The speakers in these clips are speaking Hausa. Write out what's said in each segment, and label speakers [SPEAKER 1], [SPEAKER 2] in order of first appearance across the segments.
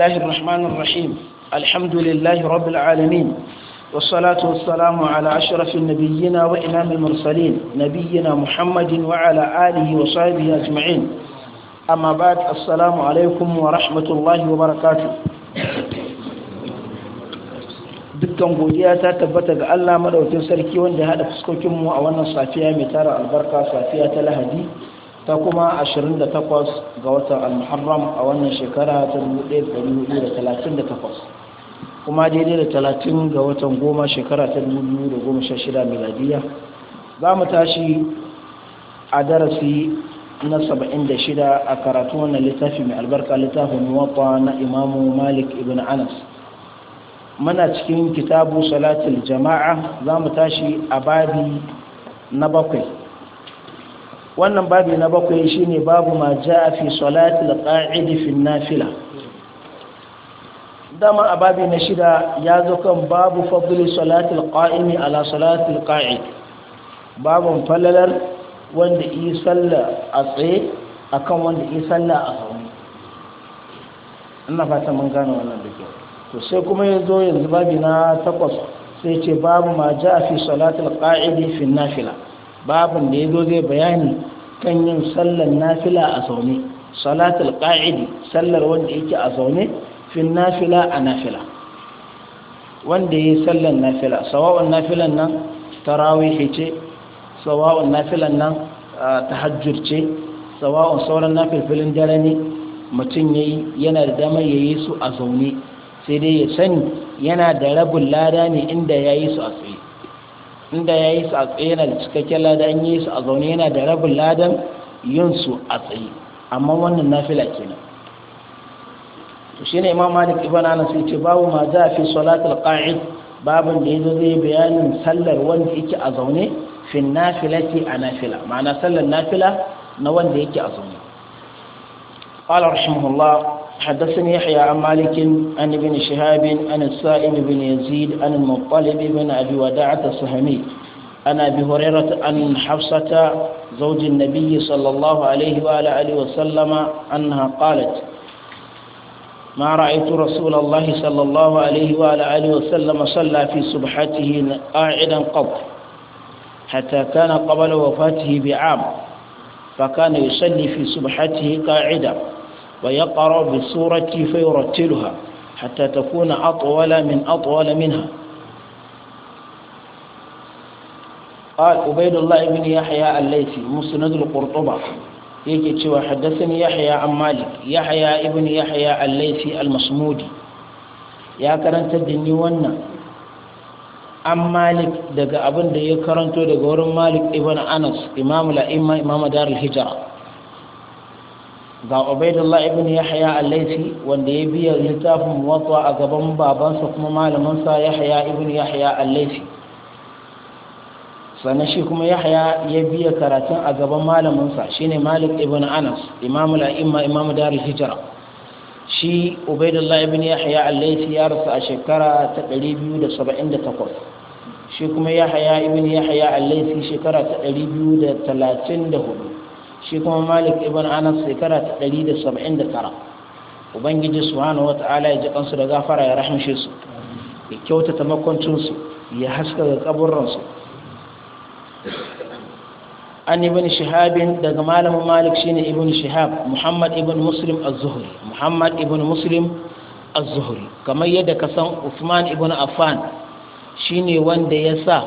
[SPEAKER 1] الله الرحمن الرحيم الحمد لله رب العالمين والصلاة والسلام على أشرف النبيين وإمام المرسلين نبينا محمد وعلى آله وصحبه أجمعين أما بعد السلام عليكم ورحمة الله وبركاته dukkan godiya ta tabbata ga Allah madaukin sarki wanda ya hada fuskokinmu a wannan safiya mai tara albarka safiya ta Lahadi ta kuma 28 ga watan al-muharram a wannan shekara ta 1438 kuma daidai da 30 ga watan goma shekara ta 2016 miladiya za mu tashi a darasi na 76 a karatu wannan littafi mai albarka littafin muwatta na imamu malik ibn anas muna cikin kitabu salatul jama'a za mu tashi a babi na bakwai wannan babi na bakwai shine babu ma jaa fi salati da qaidi fi nafila dama a babi na shida ya zo kan babu fadli salati al-qa'imi ala salati al-qa'id babu falalar wanda yi sallah a tsaye akan wanda yi sallah a zaune ina fata mun gane wannan da to sai kuma ya zo yanzu babi na takwas sai ce babu ma ja fi salatul qa'idi fi nafila babin da yazo zai bayani kan yin sallar nafila a zaune salatul ƙa'idi sallar wanda yake a zaune fi nafila a nafila wanda yi sallar nafila sawa'un nafilan nan tarawih ce sawa'un nafilan nan tahajjur ce sawa'un sauran nafilfilin dare ne mutum yayi yana da damar yayi su a zaune sai dai ya sani yana da rabin lada ne inda yayi su a tsaye inda ya yi su a tsaye yana da cikakken lada an yi su a zaune yana da rabin ladan yin su a tsaye amma wannan nafila kenan to shi ne imam malik ibn anas ce babu ma za fi salatul qa'id babin da yazo zai bayanin sallar wanda yake a zaune fi nafilati a nafila ma'ana sallar nafila na wanda yake a zaune قال رحمه الله حدثني يحيى عن مالك عن ابن شهاب عن السائب بن يزيد عن المطلب بن أبي وداعة السهمي عن أبي هريرة عن حفصة زوج النبي صلى الله عليه وآله وسلم أنها قالت ما رأيت رسول الله صلى الله عليه وآله وسلم صلى في سبحته قاعدا قط حتى كان قبل وفاته بعام فكان يصلي في سبحته قاعدا ويقرا بالسوره فيرتلها حتى تكون اطول من اطول منها قال عبيد الله بن يحيى الليثي مسند القرطبه يجي تشوى حدثني يحيى عن مالك يحيى ابن يحيى الليثي المصمودي يا كرنت الدنيا ونا عن مالك دقا ابن دي كرنتو دقا مالك ابن انس امام الائمه امام دار الهجره ga ubaidullah ibn yahya al-laisi wanda ya biya littafin muwatta a gaban babansa kuma malamansa yahya ibn yahya al-laisi sannan shi kuma yahya ya biya karatun a gaban malaminsa shine malik ibn anas imamu la'imma imamu darul hijra shi ubaidullah ibn yahya al-laisi ya rasu a shekara ta 278 shi kuma ya haya ibn ya haya allaisi shekara ta 234 shi kuma malik ibn anas shekara ta tara, ubangiji wata ala ya ji kansu da gafara ya rahamshe su ya kyautata makwancinsu ya haska ga kaburransu an ibn shihabin daga malamin malik shine ibn shihab muhammad ibn muslim az-zuhri muhammad ibn muslim az-zuhri kamar yadda ka san usman ibn affan shine wanda ya sa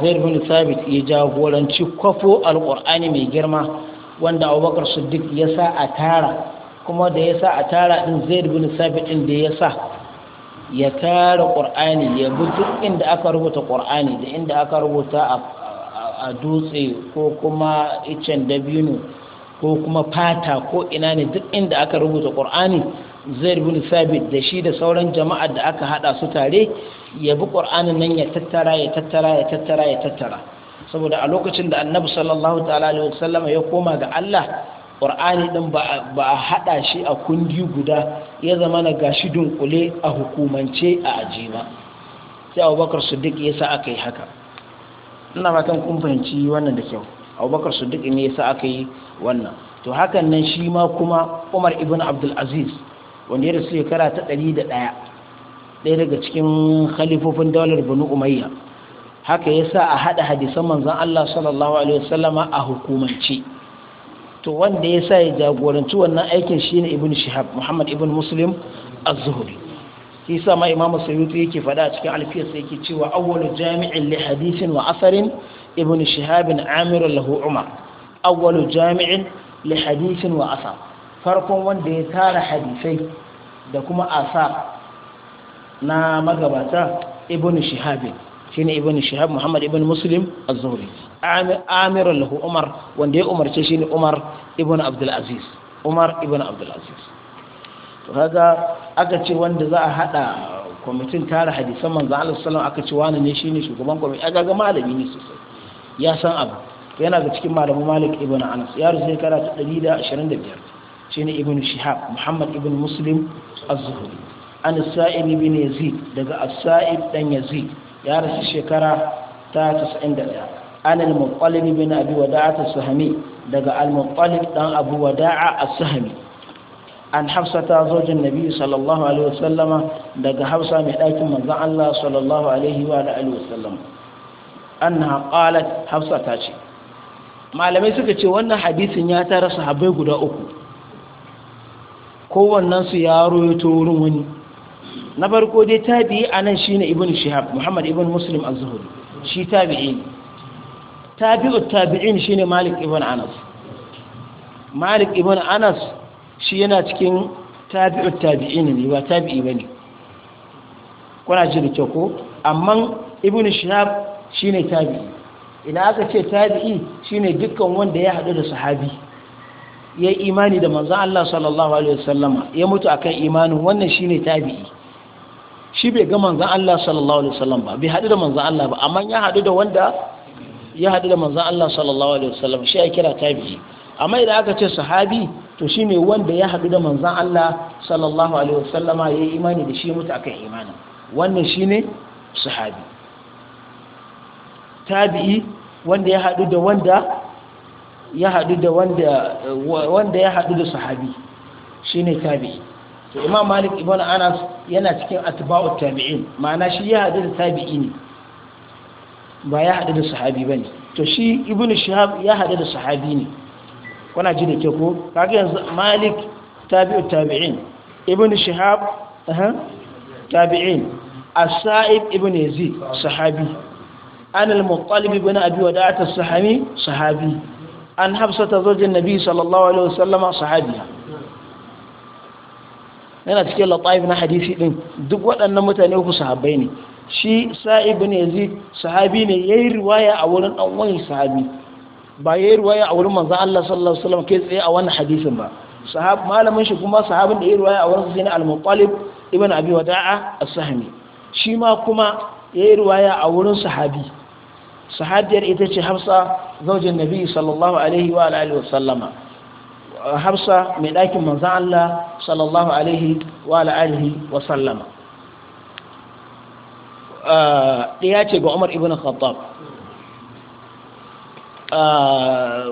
[SPEAKER 1] zaid bin sabit ya jagoranci kwafo al'ƙur'ani mai girma wanda abubakar siddiq ya sa a tara kuma da ya sa a tara din zaid bin sabit ɗin da ya sa ya tara ƙur'ani. ya bi duk inda aka rubuta ƙur'ani da inda aka rubuta a dutse ko kuma icen dabino ko kuma fata ko ina ne duk inda aka rubuta ƙur'ani. zaid bin sabit da shi da sauran jama'a da aka hada su tare ya bi qur'anin nan ya tattara ya tattara ya tattara ya tattara saboda a lokacin da annabi sallallahu ta'ala alaihi ya koma ga Allah qur'ani din ba a hada shi a kungi guda ya zama na gashi dunkule a hukumance a ajima sai abubakar siddiq yasa aka yi haka ina ba kan fahimci wannan da kyau abubakar siddiq ne yasa aka yi wannan to hakan nan shi ma kuma umar ibn Abdulaziz. aziz wanda ya rasu shekara ta ɗari da ɗaya daga cikin khalifofin daular banu umayya haka ya sa a haɗa hadisan manzan Allah sallallahu alaihi wasallama a hukumance to wanda ya sa ya jagoranci wannan aikin shi ne ibn shihab muhammad ibn muslim az-zuhri shi sa ma imam sayyuti yake faɗa a cikin alfiyarsa yake cewa awwalu jami'in li hadisin wa asarin ibn shihab amir lahu umar awwalu jami'in li hadisin wa asar farkon wanda ya tara hadisai da kuma asa na magabata ibn shihabin shine ibn shihab muhammad ibn muslim az-zuhri amir lahu umar wanda ya umarce shine umar ibn abdul aziz umar ibn abdul aziz to kaga aka ce wanda za a hada kwamitin tara hadisan manzo Allah sallallahu aka ce wani ne shine shugaban kwamitin. aga ga malami ne sosai ya san abu yana ga cikin malamin malik ibn anas ya rusa shekara ta 125 shine ibn shihab muhammad ibn muslim az-zuhri an said ibn yazid daga as said dan yazid ya rasu shekara ta 91 an al-muqallib ibn abi wada'a as-sahmi daga al-muqallib dan abu wada'a as-sahmi an hafsa ta zojin nabi sallallahu alaihi wasallama daga hafsa mai ɗakin manzon Allah sallallahu alaihi wa alihi wasallam annaha qalat hafsa ta ce malamai suka ce wannan hadisin ya tara sahabbai guda uku Kowannensu ya rawaito wurin wani na farko dai nan shi shine Ibn shihab muhammad Ibn muslim az-zuhri shi tabi'i ne tabi'ut tabi'in shine malik Ibn anas malik Ibn anas shi yana cikin tabi'ut tabi'in ne ba tabi'i ne. kuna ji da ko amma Ibn shihab shine tabi'i Ina aka ce tabi'i shine dukkan wanda ya hadu da sahabi ya imani da manzan Allah sallallahu alaihi wasallama ya mutu akan imanin wannan shine tabi'i shi bai ga manzan Allah sallallahu alaihi wasallam ba bai haɗu da manzan Allah ba amma ya haɗu da wanda ya haɗu da manzan Allah sallallahu alaihi wasallam shi ya kira tabi'i amma idan aka ce sahabi to shi ne wanda ya haɗu da manzan Allah sallallahu alaihi wasallama ya yi imani da shi mutu akan imanin wannan shine sahabi tabi'i wanda ya haɗu da wanda ya hadu da wanda ya hadu da sahabi shine tabi to imam malik ibn anas yana cikin atba'ut tabi'in ma'ana shi ya hadu da tabi'i ne ba ya hadu da sahabi bane to shi ibn shahab ya hadu da sahabi ne kuna ji da ke ko kaga yanzu malik tabi'ut tabi'in ibn shihab aha tabi'in as-sa'ib ibn yazid sahabi an al-muttalib ibn abi wada'at as-sahami sahabi an hafsata zojin nabi sallallahu alaihi wasallama sahabiya yana cikin lataif na hadisi din duk waɗannan mutane ku sahabbai ne shi sa'ib ne yazid sahabi ne yayi riwaya a wurin dan wani sahabi ba yayi riwaya a wurin manzon Allah sallallahu alaihi wasallam kai tsaye a wannan hadisin ba sahab malamin shi kuma sahabin da yayi riwaya a wurin sa ne al-muttalib ibn abi wada'a as-sahmi shi ma kuma yayi riwaya a wurin sahabi sahabiyar ita ce hafsa zaujin nabi sallallahu alaihi wa alihi wa sallama hafsa mai ɗakin manzan Allah sallallahu alaihi wa alihi wa sallama ah, ɗaya ce ga Umar ibn Khattab ah,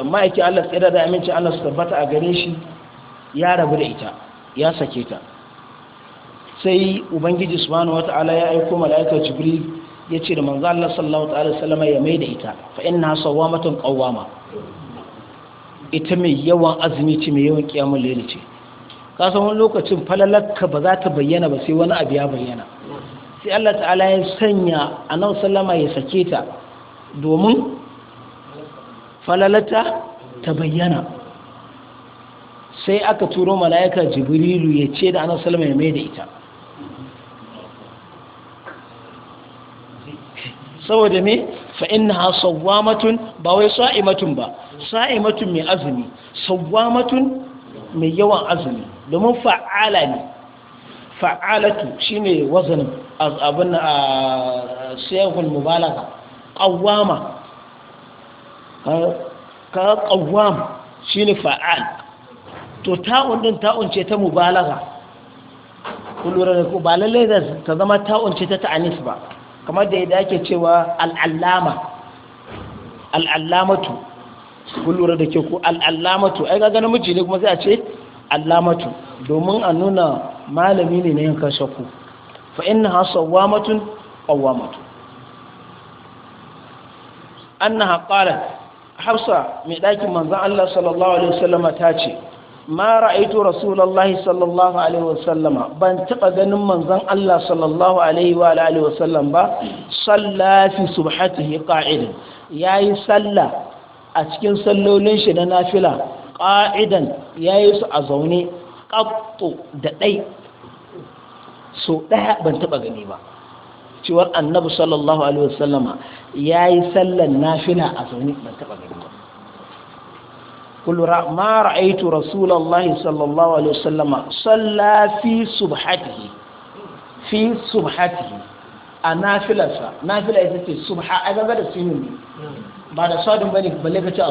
[SPEAKER 1] ma'aiki Allah tsira da aminci Allah su tabbata a gare shi ya rabu da ita ya sake ta sai ubangiji subhanahu wata'ala ya aiko mala'ika jibril ya ce da manzo Allah sallallahu alaihi wasallam ya mai da ita fa inna sawamatun qawwama ita mai yawan azumi ce mai yawan kiyamul layli ce ka san wani lokacin falalakka ba za ta bayyana ba sai wani abu ya bayyana sai Allah ta'ala ya sanya annabi sallama ya sake ta domin falalata ta bayyana sai aka turo mala'ika jibrilu ya ce da annabi sallama ya mai da ita saboda me fa innaha sawwamatun ba wai sa'imatun ba sa'imatun mai azumi sawwamatun mai yawan azumi domin fa'ala ne fa'alatu shine wazanin abin a sayyakul mubalaga qawwama ka qawwam shine fa'al to ta'un din ta'un ce ta mubalaga kullura ko ba lalle ta zama ta'un ce ta ta'anis ba kamar da yadda ake cewa al'allama al'allamatu kun lura da ke ku al'allamatu ai ga ganin miji ne kuma sai a ce allamatu domin a nuna malami ne na yankan ku fa wa matun ƙawa matu an na qalat hafsa mai ɗakin manzan Allah sallallahu alaihi wasallama ta ce ma ra'aitu rasulullahi sallallahu alaihi wasallama ban taba ganin manzon Allah sallallahu alaihi wa alihi wasallam ba salla fi subhatihi qa'idan yayi salla a cikin sallolin shi na nafila qa'idan yayi su a zaune qattu da dai so daya ban taba gani ba cewar annabi sallallahu alaihi wasallama yayi sallan nafila a zaune ban taba gani ba kullura ma ra'aitu sallallahu alaihi wasallam salla fi subhatihi fi subhatihi a nafilarsa nafila ita a gaba da sinin ne ba da sadin bane balle ka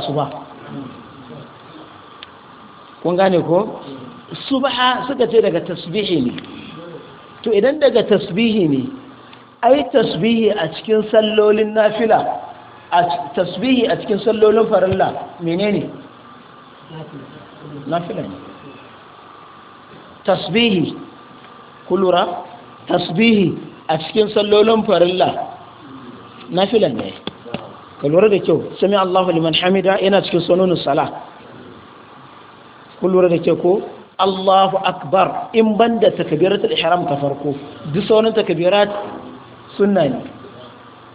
[SPEAKER 1] kun gane ko subha suka ce daga tasbihi ne to idan daga tasbihi ne ai tasbihi a cikin sallolin nafila a tasbihi a cikin sallolin farilla menene nafila ne tasbihi kulura tasbihi a cikin sallolin farilla nafila ne kulura da kyau sami Allahu liman hamida yana cikin sunanin sala kulura da kyau ko Allahu akbar in banda takbiratul ihram ta farko duk sauran takbirat sunna ne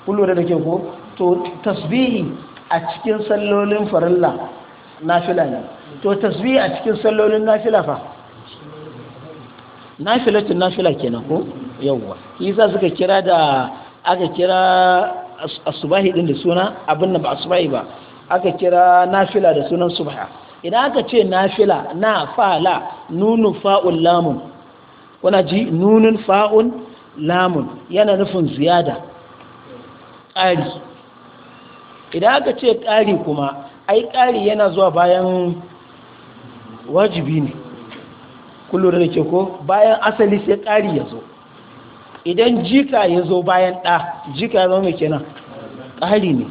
[SPEAKER 1] kulura da kyau ko to tasbihi a cikin sallolin farilla nafila ne to tasbih a cikin sallolin nafila fa nafilatun nafila kenan ko yawwa yasa suka kira da aka kira asubahi din da suna abin da ba asubahi ba aka kira nafila da sunan subha idan aka ce nafila na fala nunun fa'un lamun wana ji nunun fa'un lamun yana nufin ziyada ƙari idan aka ce ƙari kuma ai ƙari yana zuwa bayan wajibi ne kullum da ke ko bayan asali sai ƙari ya zo idan jika ya zo bayan ɗa jika ya zama mai kenan ƙari ne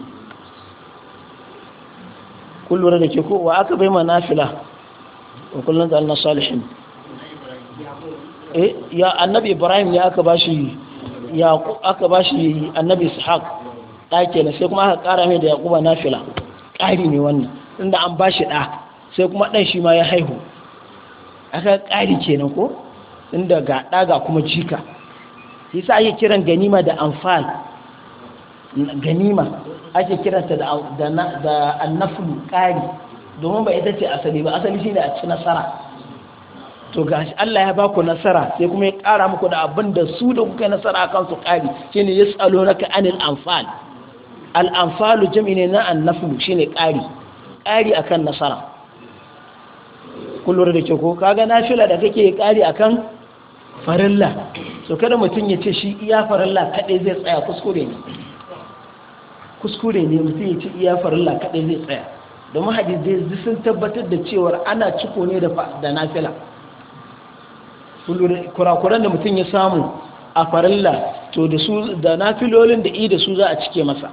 [SPEAKER 1] kullum da ke ko wa aka bai ma nafila wa kullum da annan salishin eh, ya annabi ibrahim ne aka bashi ya aka bashi annabi ishaq ɗake na sai kuma aka ƙara mai da na nafila ƙari ne wannan inda an bashi ɗa sai kuma ɗan shi ma ya haihu aka ƙari kenan ko inda ga ɗa ga kuma jika shi sa ake kiran ganima da amfal ganima ake kiranta da annafulu ƙari domin ba ita ce asali ba asali shi a ci nasara to gashi Allah ya baku nasara sai kuma ya ƙara muku da abin da su da kuka yi nasara a kansu ƙari shine yasalunaka anil anfal al'amfalu jami ne na annafulu shi ne ƙari ƙari a kan nasara kullum da keko, ko kaga nafila da kake ƙari a kan farilla so kada mutum ya ce shi iya farilla kaɗai zai tsaya kuskure ne kuskure ne mutum ya ce iya farilla kaɗai zai tsaya domin zai sun tabbatar da cewar ana ciko ne da nafila kurakuran da mutum ya samu a farilla to da su da nafilolin da i da su za a cike masa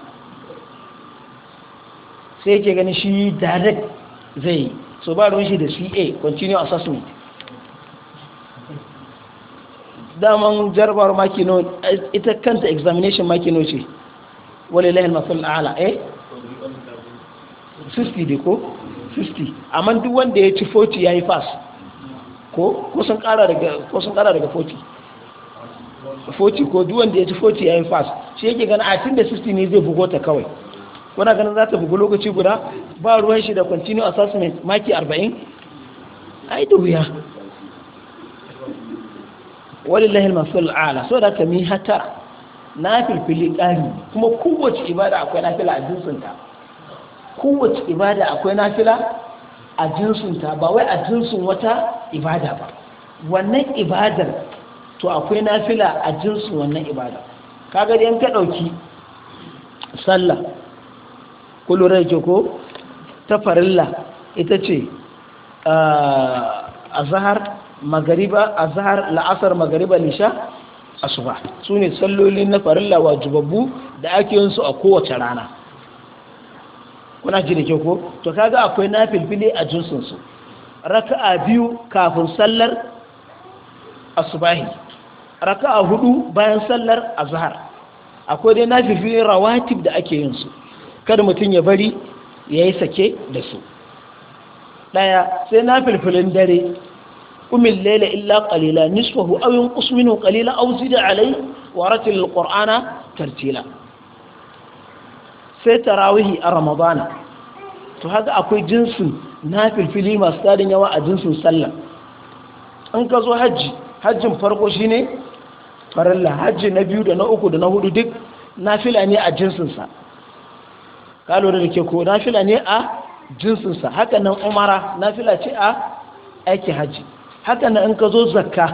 [SPEAKER 1] sai yake gani shi direct zai yi so ba ruwan shi da ca eh, continue assessment daman jarabar makino ita kanta examination makino ce wale lahil masul ala eh 60 da ko 60 amma duk wanda ya ci 40 ya yi fas ko sun kara daga 40 40 ko duk wanda ya ci 40 ya yi fas shi yake gana a ah, tun da 60 ne zai bugota kawai kuna ganin za ta bugu lokaci guda ba ruwan shi da continue assessment maki 40 ai da wuya walillahi al-masal ala so da kami hatar filfili ƙari kuma kowace ibada akwai na fila a jinsunta kowace ibada akwai na fila a jinsunta ba wai a jinsun wata ibada ba wannan ibadar to akwai na fila a jinsun wannan ibada kaga dai an ka ɗauki sallah kullum rai ta farilla ita ce a zahar magariba a zahar la'asar magariba nisha asuba su ne salloli na farilla wajibabbu da ake yin su a kowace rana kuna ji da ke ko to kaga akwai na filfili a jinsinsu raka'a biyu kafin sallar raka raka'a hudu bayan sallar zahar akwai dai na filfili rawatib da ake yin su kada mutum ya bari ya yi sake da su ɗaya sai na filfilin dare umin laila illa ƙalila, nisfahu awin yunqus ƙalila, qalila aw zid alai wa ratil alqur'ana tartila sai tarawihi a ramadana to haka akwai jinsin na filfili masu tarin yawa a jinsin sallah in ka zo hajji hajjin farko shi ne farilla hajji na biyu da na uku da na hudu duk na ne a jinsinsa ka lura da ke ko nafila ne a jinsinsa haka nan umara nafila ce a aiki hajji haka nan in ka zo zakka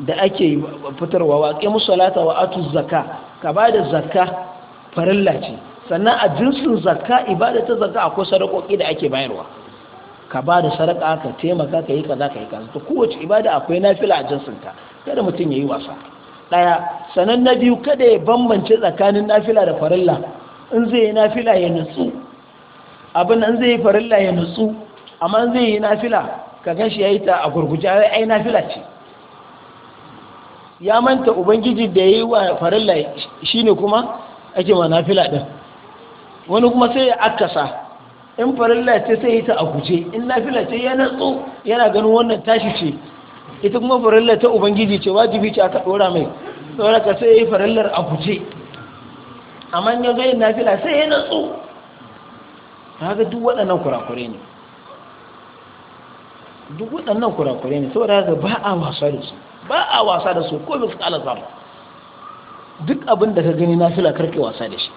[SPEAKER 1] da ake fitarwa wa ƙi musalata wa atu zakka ka ba da zakka farilla ce sannan a jinsin zakka ibada ta zakka akwai sadakoki da ake bayarwa ka ba da sarƙa ka taimaka ka yi kaza ka yi kaza to kowace ibada akwai nafila a jinsinka kada mutum ya yi wasa ɗaya sannan na biyu kada ya bambance tsakanin nafila da farilla in zai yi nafila ya nutsu abin nan zai yi farilla ya nutsu amma zai yi nafila ka gan shi ya yi ta a gurguje ai nafila ce ya manta ubangiji da ya yi wa farilla shi ne kuma ake ma nafila ɗin wani kuma sai ya akasa in farilla ce sai ya ta a guje in nafila ce ya nutsu, yana ganin wannan tashi ce ita kuma farilla ta ubangiji ce wajibi ce aka ɗora mai saboda ka sai ya yi farillar a guje amma ya zo yin nafila sai ya natsu haka duk waɗannan kurakure ne duk waɗannan kurakure ne saboda haka ba a wasa da su ba a wasa da su ko bisa alazar duk abin da ka gani nafila karke wasa da shi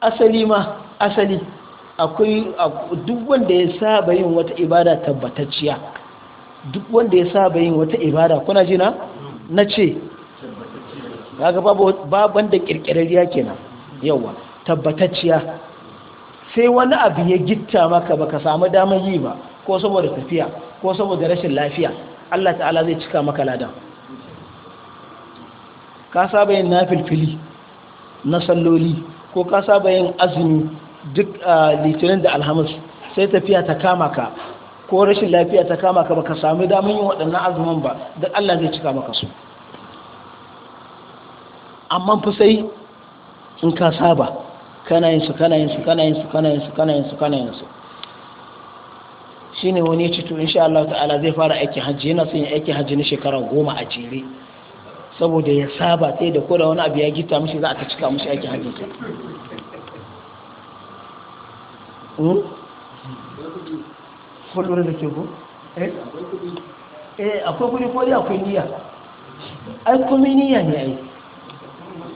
[SPEAKER 1] asali ma asali akwai duk wanda ya saba yin wata ibada tabbatacciya duk wanda ya saba yin wata ibada kuna jina na ce kaga babu baban da kirkirariya kenan yawa tabbatacciya sai wani abu ya gitta maka baka samu damar yi ba ko saboda tafiya ko saboda rashin lafiya Allah ta'ala zai cika maka ladan ka saba yin nafilfili na salloli ko ka saba yin azumi duk litinin da alhamis sai tafiya ta kama ka ko rashin lafiya ta kama ka baka samu damar yin waɗannan azumin ba duk Allah zai cika maka su amma fa sai in ka saba kana yin su kana yin su kana yin su kana yin su kana yin su kana yin su shine wani ya ce to insha Allah ta'ala zai fara aiki hajji yana son ya aiki hajji na shekara goma a jere saboda ya saba sai da koda wani abu ya gita mishi za a ta cika mishi aiki hajji ta hmm? kullum da ke ku?
[SPEAKER 2] Eh? eh akwai kudi ko dai akwai niyya
[SPEAKER 1] ai kuma niyya ne ai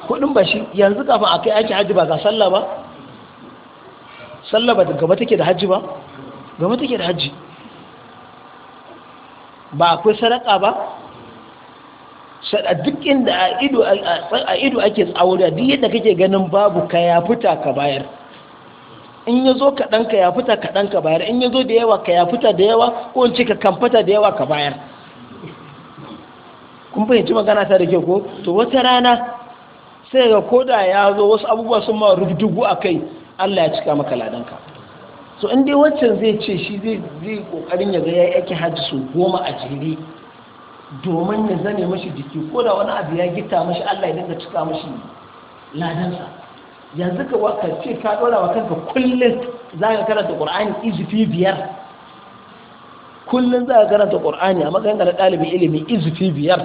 [SPEAKER 1] kudin ba shi yanzu kafin a kai aiki hajji ba ga sallah ba sallah ba da gaba take da hajji ba gaba take da hajji ba akwai sadaka ba duk inda a ido ake a duk yadda kake ganin babu ka ya fita ka bayar in ya zo kaɗan ka ya fita kaɗan ka bayar in ya zo da yawa ka ya fita da yawa ko in ce ka kamfata da yawa ka bayar kun fahimci magana ta da ke ko to wata rana sai ga koda ya zo wasu abubuwa sun ma rubdugu a kai allah ya cika maka ladanka so in dai wancan zai ce shi zai zai kokarin ya ga ya yake hajji su goma a jere domin ya zane mashi jiki ko da wani abu ya gita mashi allah ya dinga cika mashi ladansa yanzu ka waka ce ka dora wa kanka kullum za ka karanta qur'ani izifi biyar kullum za ka karanta qur'ani a matsayin ɗalibin ilimi izifi biyar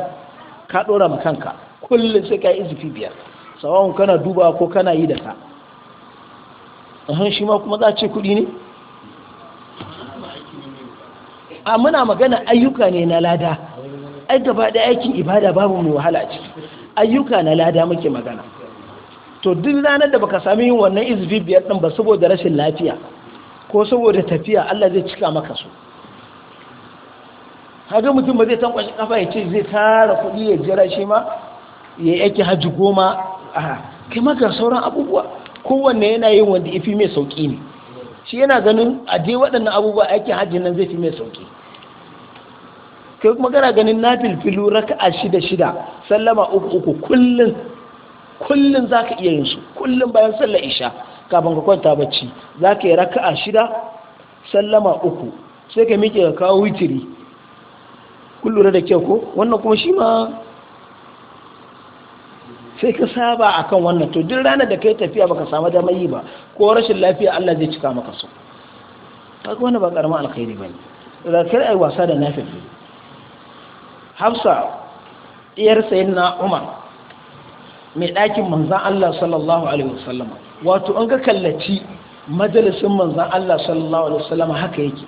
[SPEAKER 1] ka dora ma kanka kullum sai ka yi izifi biyar sawa'un kana duba ko kana yi da ka ahan shi ma kuma za ce kuɗi ne a muna magana ayyuka ne na lada ai gaba da aikin ibada babu mai wahala ce. ayyuka na lada muke magana to duk ranar da baka sami yin wannan izvi biyar din ba saboda rashin lafiya ko saboda tafiya Allah zai cika maka su haga mutum ba zai tankwashi kafa ya ce zai tara kudi ya jira shi ma ya yake haji goma a kai maka sauran abubuwa kowanne yana yin wanda ifi mai sauki ne shi yana ganin a dai waɗannan abubuwa aikin hajji nan zai fi mai sauki kai kuma gana ganin na filfilu a shida shida sallama uku uku kullum kullum za ka iya yin su kullum bayan sallar isha kafin ka kwanta bacci za ka yi a shida sallama uku sai ka miƙe ka kawo witiri kun da kyau ko wannan kuma shi ma sai ka saba akan wannan to duk ranar da kai tafiya baka samu damar yi ba ko rashin lafiya Allah zai cika maka so kaga wani ba karamin alkhairi ne. da kar ai wasa da nafifi Hafsa iyar sayyidina Umar mai ɗakin manzan Allah sallallahu alaihi wasallama wato an ga kallaci majalisin manzan Allah sallallahu alaihi wasallama haka yake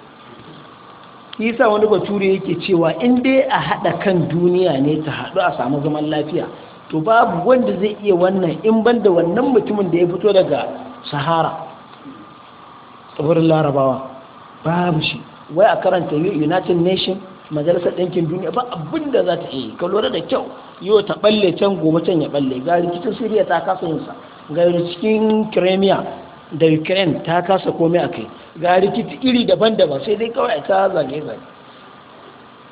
[SPEAKER 1] isa wani bature yake cewa in dai a haɗa kan duniya ne ta haɗu a samu zaman lafiya to babu wanda zai iya wannan in ban da wannan mutumin da ya fito daga sahara tsibirin larabawa babu shi wai a karanta united nation majalisar ɗinkin duniya ba abin da za ta yi ka lura da kyau yau ta balle can gobe can ya balle ga rikicin siriya ta kasa yinsa ga rikicin kiremiya da ukraine ta kasa komai a kai ga rikici iri daban-daban sai dai kawai ta zage-zage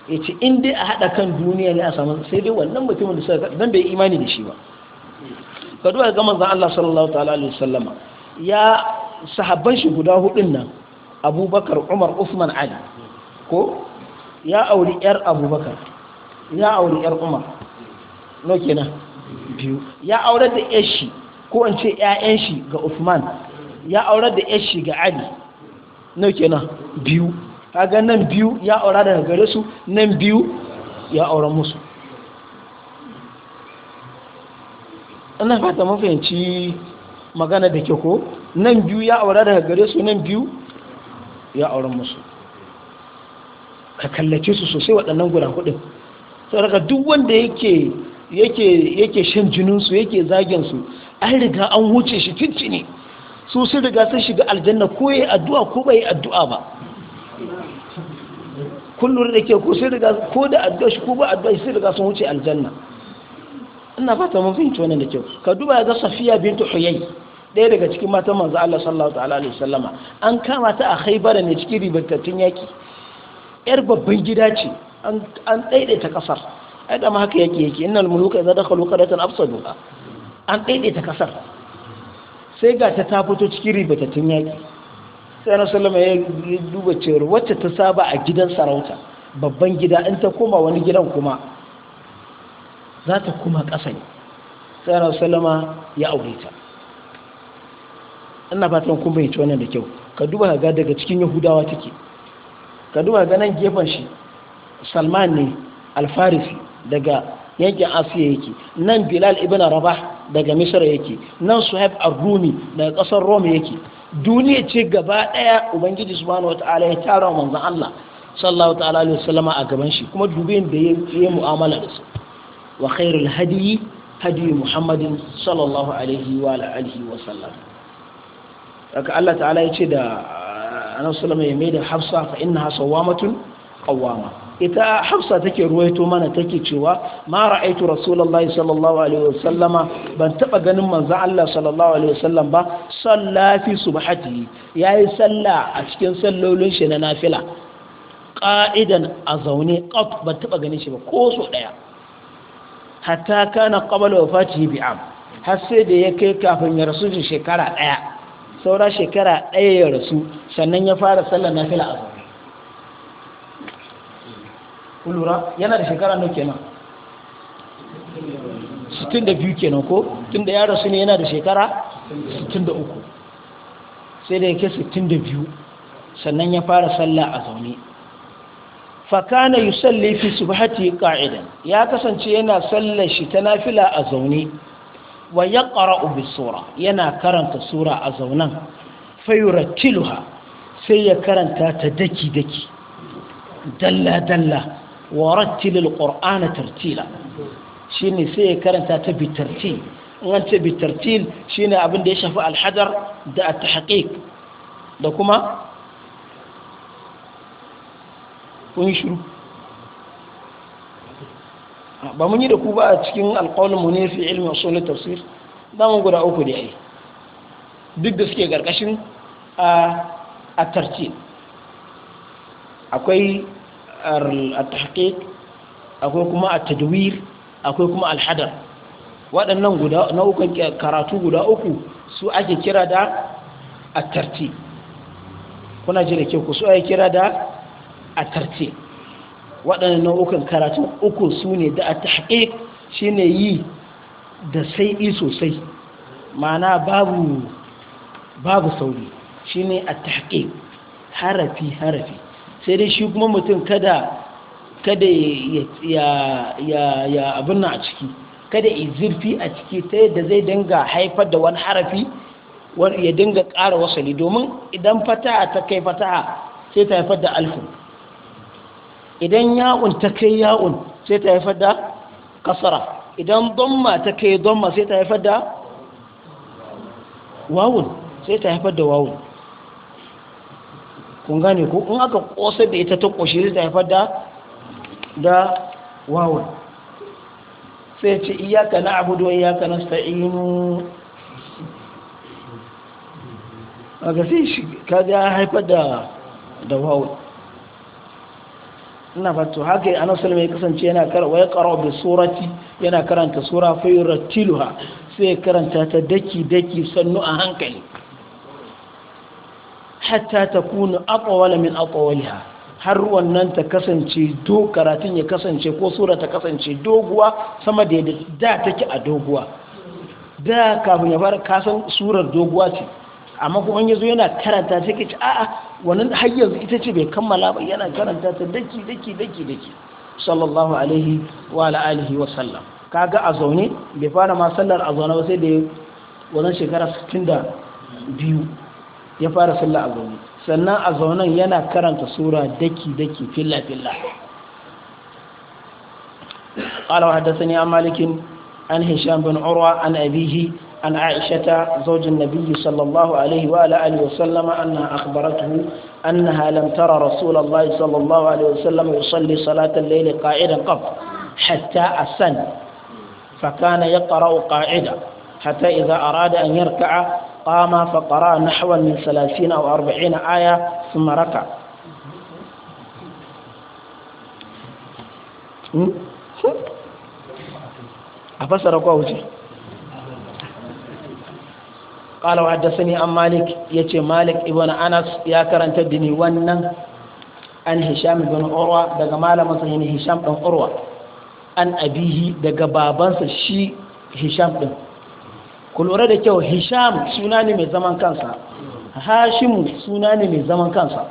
[SPEAKER 1] ya ce in dai a haɗa kan duniya ne a samu sai dai wannan mutumin da suka zan bai imani da shi ba ka duba ga manzon Allah sallallahu ta'ala alaihi wasallama ya sahabban shi guda hudun nan Abubakar Umar Uthman Ali ko ya auri yar Abubakar ya auri yar Umar no kenan biyu ya aure da yar shi ko an ce ƴaƴan shi ga Uthman ya aure da yar shi ga Ali no kenan biyu kaga nan biyu ya aura daga gare su nan biyu ya aura musu ina fata mafiyanci magana da ke ko nan biyu ya aura daga gare su nan biyu ya aura musu ka kallace su sosai waɗannan guda hudun sauraka duk wanda yake yake yake shan jininsu yake zagensu an riga an wuce shi tuntuni su sun riga sun shiga aljanna ko yi addu'a ko bai addu'a ba kullum da ke ko sai daga ko da addu'a shi ko ba addu'a sai daga sun wuce aljanna ina fata mun fahimci wannan da kyau ka duba ga safiya bintu huyay ɗaya daga cikin matan manzo Allah sallallahu ta'ala alaihi wasallama an kama ta a khaybar ne cikin ribatattun yaki yar babban gida ce an an daidaita kasar ai da ma haka yake yake innal muluka idza dakhalu qaryatan afsaduha an daidaita kasar sai ga ta ta fito cikin ribatattun yaki sai na sallama ya duba cewar wacce ta saba a gidan sarauta babban gida in ta koma wani gidan kuma za ta kuma ƙasa ne sai na sallama ya aure ta ina fatan kun bayyace wannan da kyau ka duba ga daga cikin yahudawa take ka duba ga nan gefen shi salman ne alfarisi daga yankin asiya yake nan bilal ibn rabah daga misra yake nan suhaib ar-rumi daga ƙasar Roma yake duniya ce gaba ɗaya ubangiji subhanahu wataala ya tara manzon Allah sallallahu ta'ala alaihi wasallama a gaban shi kuma dubi da yi mu'amala da su wa khairul hadiyi hadiyi muhammadin sallallahu alaihi wa alihi wa sallam haka Allah ta'ala ya ce da annabi sallallahu alaihi wasallam ya mai da hafsa fa innaha sawamatun qawama ita hafsa take ruwaito mana take cewa ma ra'aitu rasulullahi sallallahu alaihi ban taba ganin manzo Allah sallallahu alaihi wasallam ba sallati subhati yayi salla a cikin sallolin shi na nafila qa'idan a zaune qat ban taba ganin shi ba ko so daya hatta kana qabla wafatihi bi'am har sai da ya kai kafin ya rasu shekara daya saura shekara daya ya rasu sannan ya fara sallar nafila a zaune kullura yana da shekara nau kenan 62 kenan ko tun da yaro su ne yana da shekara 63 sai da yake 62 sannan ya fara sallah a zaune fakana yi salli fi subhati ka'idan ya kasance yana sallar shi ta nafila a zaune wa ya ƙara'u bi sura yana karanta sura a zaunan fayura kiluha sai ya karanta ta daki-daki dalla-dalla warattil alqur'ana tartila shine sai ya karanta ta bi tartil in an ce bi tartil shine abin da ya shafi alhadar da at-tahqiq da kuma kun shiru ba mun yi da ku ba a cikin alƙawalin mu ne fi ilmi usulul tafsir da mun guda uku da yayi duk da suke ƙarƙashin a a tartil akwai al-tahqiq akwai kuma at-tadwir akwai kuma al-hadar waɗannan guda nau'ukan karatu guda uku su ake kira da at-tartib kuna ji da ke ku su ake kira da at-tartib waɗannan nau'ukan karatu uku su ne da at-tahqiq shine yi da sai sosai ma'ana babu babu sauri shine at-tahqiq harafi harafi sai dai shi kuma mutum kada kada ya abin na a ciki kada ya zurfi a ciki ta yadda zai dinga haifar da wani harafi ya dinga ƙara wasali domin idan fata'a ta kai fata'a sai ta haifar da alfin idan ya'un ta kai ya'un sai ta haifar da kasara idan domma ta kai domma sai ta haifar da wawun sai ta haifar da wawun kun gane ko in aka kosar da ita ta koshi zai haifar da da wawon sai ce iyaka na abu don iyaka na sta'inu a gasi shi kaji ya haifar da da wawon ina fato haka yi anasar mai kasance yana karawa ya karawa da surati yana karanta sura fayyar tiluha sai karanta ta daki-daki sannu a hankali hatta ta kuna aƙawala min har wannan ta kasance do karatun ya kasance ko sura ta kasance doguwa sama da yadda da take a doguwa da kafin ya fara kasan surar doguwa ce amma kuma yanzu yana karanta take ce a'a wannan har yanzu ita ce bai kammala ba yana karanta ta daki daki daki daki sallallahu alaihi wa alihi wa sallam kaga a zaune bai fara ma sallar a zaune ba sai da wannan shekara 62 ya fara sallah a zaune sannan a zaunen yana karanta sura daki-daki filla-filla ƙalawa haddasa an malikin an hisham bin urwa an abihi an aishata zaujin nabiyyu sallallahu alaihi wa ala'ali wa sallama an na akbaratu an na halantara rasulallah alaihi wa sallama ya salli salatan laili ka'idan ƙaf hatta a san fakana kana ya ƙarau ka'ida hatta iza arada an yarka'a فقام فقرأ نحو من ثلاثين أو أربعين آية ثم ركع أفسر قوتي قال وحدثني عن مالك يتي مالك ابن أنس يا كرنت الدني ونن عن هشام بن عروة دقى مالا مصرين هشام بن عروة عن أبيه دقى بابانس شي هشام بن ku lura da kyau hisham suna ne mai zaman kansa hashimu suna ne mai zaman kansa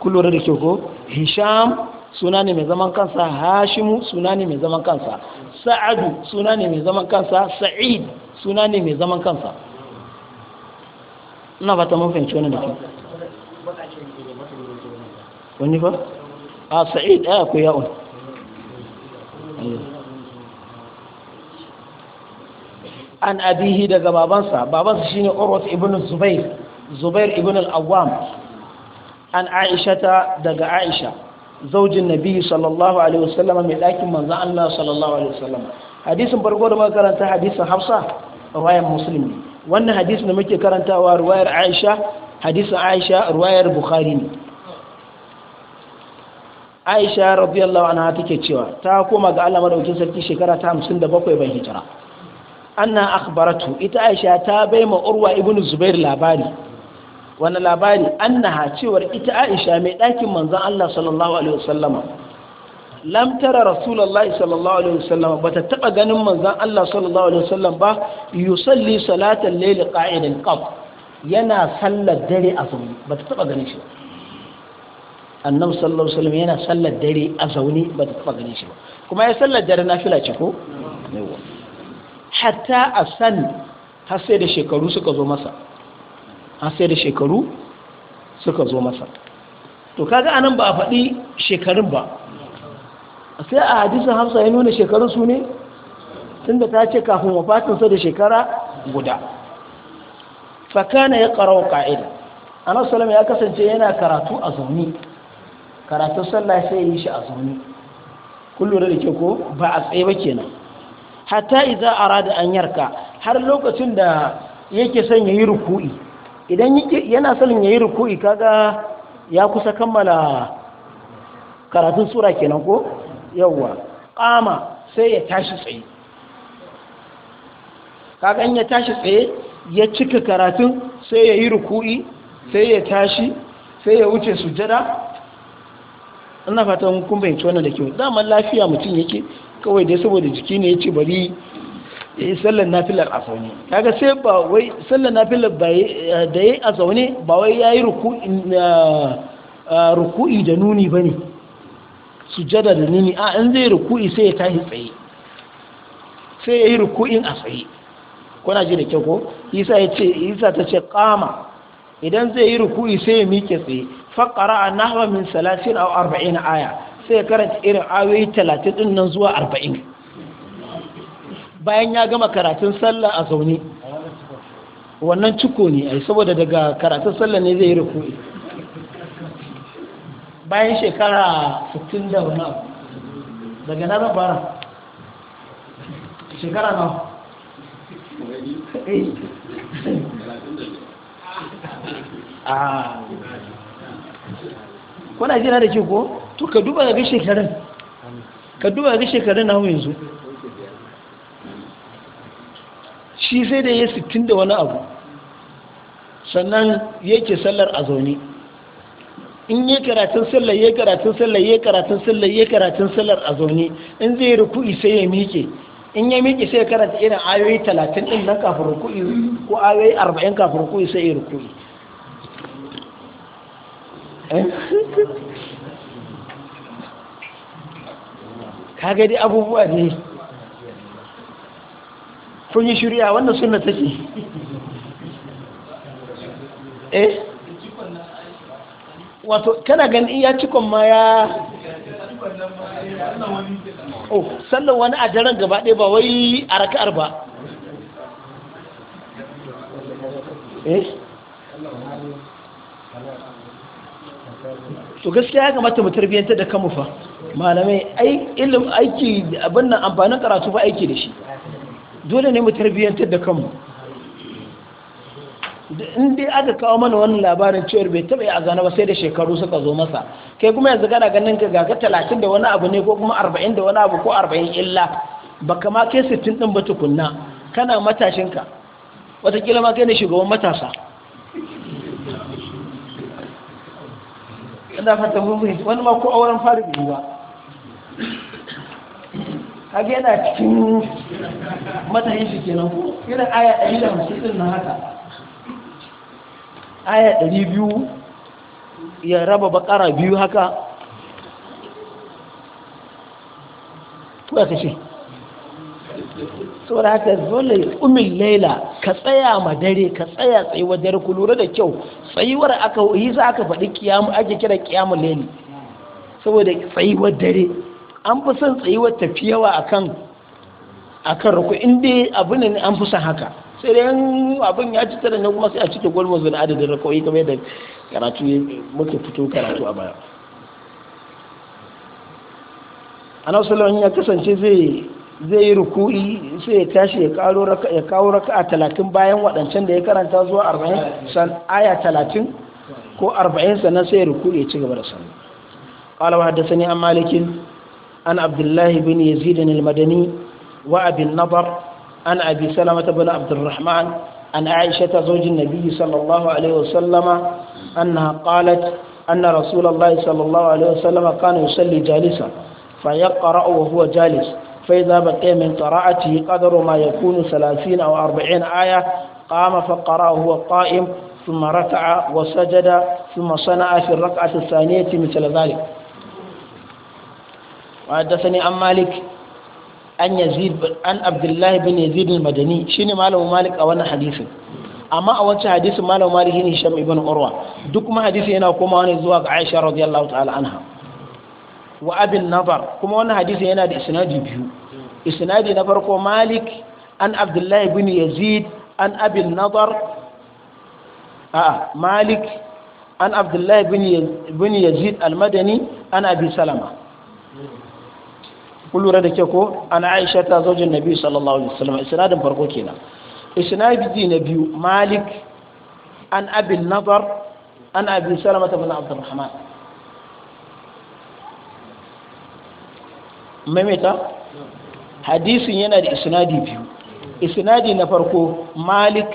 [SPEAKER 1] ku lura da kyau ko hisham suna ne mai zaman kansa hashimu suna ne mai zaman kansa sa'adu suna ne mai zaman kansa sa'id suna ne mai zaman kansa ina ba ta fahimci wannan da kyau wani ba a sa'id ɗaya ku ya'un an abihi daga babansa babansa shine urwat ibn zubair zubair ibn al-awwam an aishata daga aisha zaujin nabi sallallahu alaihi wasallam mai dakin manzo Allah sallallahu alaihi wasallam hadisin farko da muka karanta hadisin Hafsa riwayar Muslim wannan hadisin da muke karantawa riwayar Aisha hadisin Aisha riwayar Bukhari ne Aisha radiyallahu anha take cewa ta koma ga Allah madaukakin sarki shekara ta 57 ban hijira anna akhbaratu ita aisha ta bai ma urwa ibn zubair labari wani labari annaha cewar ita aisha mai ɗakin manzan Allah sallallahu alaihi wasallama lam tara rasulullahi sallallahu alaihi wasallama bata taba ganin manzan Allah sallallahu alaihi wasallam ba yusalli salatan layl qa'idan qab yana sallar dare a zaune bata taba ganin shi annabi sallallahu alaihi wasallam yana sallar dare a zaune bata taba ganin shi ba kuma ya sallar dare nafila ce ko yawa hatta a san har sai da shekaru suka zo masa har sai da shekaru suka zo masa to kaga anan ba a faɗi shekarun ba sai a hadisin hafsa ya nuna shekarun su ne tunda ta ce kafin wafatinsa da shekara guda fakana ya ƙarawa ƙa'ida anas salama ya kasance yana karatu a zaune karatun sallah sai ya yi shi a zaune kullum da ke ko ba a tsaye ba kenan hatta iza arada an yarka har lokacin da yake son yayi ruku'i idan yana son yayi ruku'i kaga ya kusa kammala karatun sura kenan ko yawa qama sai ya tashi tsaye kaga in ya tashi tsaye ya cika karatun sai yayi ruku'i sai ya tashi sai ya wuce sujada ina fatan kun bayyana wannan da kyau zaman lafiya mutum yake kawai dai saboda jiki ne ya ce bari ya yi sallar nafilar a zaune kaga sai ba wai sallar nafilar da ya yi a zaune ba wai ya yi ruku'i da nuni ba ne su jada da nuni a an zai ruku'i sai ya tashi tsaye sai ya yi ruku'in a tsaye kuna ji da kyau ko isa ya ce isa ta ce kama idan zai yi ruku'i sai ya miƙe tsaye faƙara a nahwa min salatin a arba'in aya sai ya karanta irin ayoyi talatin din nan zuwa arba'in bayan ya gama karatun sallah a zaune wannan ciko ne ai saboda daga karatun sallah ne zai yi rukuni bayan shekara 60 da wani daga na rabara shekara na
[SPEAKER 2] ah. kuna jina da ke ko? to ka duba ga shekarun
[SPEAKER 1] ka duba ga shekarun na yanzu shi sai da ya sittin da wani abu sannan yake sallar a zaune in yi karatun sallar ya karatun sallar ya karatun sallar ya karatun sallar a zaune in zai ruku'i sai ya miƙe in ya miƙe sai ya karanta irin ayoyi talatin din nan kafin ruku'i ko ayoyi arba'in kafin ruku'i sai ya ruku'i eh?
[SPEAKER 2] ka gadi dai abubuwa ne kun yi shirya wannan suna take eh
[SPEAKER 1] wato kana ganin iya cikon ma ya
[SPEAKER 2] oh sallan
[SPEAKER 1] wani a daren gaba ɗaya ba wai a raka'ar ba eh to gaskiya ya kamata mu da kamufa malamai aiki abin nan amfanin karatu ba aiki da shi dole ne mu tarbiyyantar da kanmu in dai aka kawo mana wannan labarin cewar bai taɓa yi a zane ba sai da shekaru suka zo masa kai kuma yanzu kana ganin ka ga talatin da wani abu ne ko kuma arba'in da wani abu ko arba'in illa ba kama kai sittin ɗin ba tukunna kana matashinka watakila ma kai ne shugaban matasa ina fata mun wani ma ko auren fara biyu ba kage yana cikin matsayin shi kenan ko irin aya da din na haka aya biyu ya raba bakara biyu haka ko ya sau da haka zole umin laila ka tsaya ma dare ka tsaya tsayuwar dare ku lura da kyau tsayuwar aka yi za aka faɗi kiyamu ake kira kiyamu laili saboda tsayuwar dare an fi son tsayuwar tafi yawa akan akan ruku inda abu ne an fi son haka sai dai abin ya ci tare ne kuma sai a ta gol na adadin rakawai kamar yadda karatu ya muke fito karatu a baya ana salon ya kasance zai zai yi ruku'i sai ya tashi ya kawo raka kawo raka'a talatin bayan waɗancan da ya karanta zuwa arba'in san aya talatin ko arba'in sannan sai ya ruku'i ya ci gaba da sannu qala wa ne an malikin عن عبد الله بن يزيد المدني وأبي النضر عن أبي سلمة بن عبد الرحمن عن عائشة زوج النبي صلى الله عليه وسلم أنها قالت أن رسول الله صلى الله عليه وسلم كان يصلي جالسا فيقرأ وهو جالس فإذا بقي من قراءته قدر ما يكون ثلاثين أو أربعين آية قام فقرأ وهو قائم ثم ركع وسجد ثم صنع في الركعة الثانية مثل ذلك وحدثني عن مالك an yazid an abdullahi bin yazid al shine malamu malik a wannan hadisin amma a wancan hadisin malamu malik ne hisham ibn urwa duk kuma hadisi yana komawa ne zuwa ga aisha radiyallahu ta'ala anha wa abin nafar kuma wannan hadisin yana da isnadi biyu isnadi na farko malik an abdullahi bin yazid an abin nafar malik an abdullahi bin yazid al an abi salama kun lura da ke ko ana aisha ta zaujin nabi sallallahu alaihi wasallam isnadin farko kenan isnadi na biyu malik an abin nazar an abin salamata bin abdurrahman maimaita hadisin yana da isnadi biyu isnadi na farko malik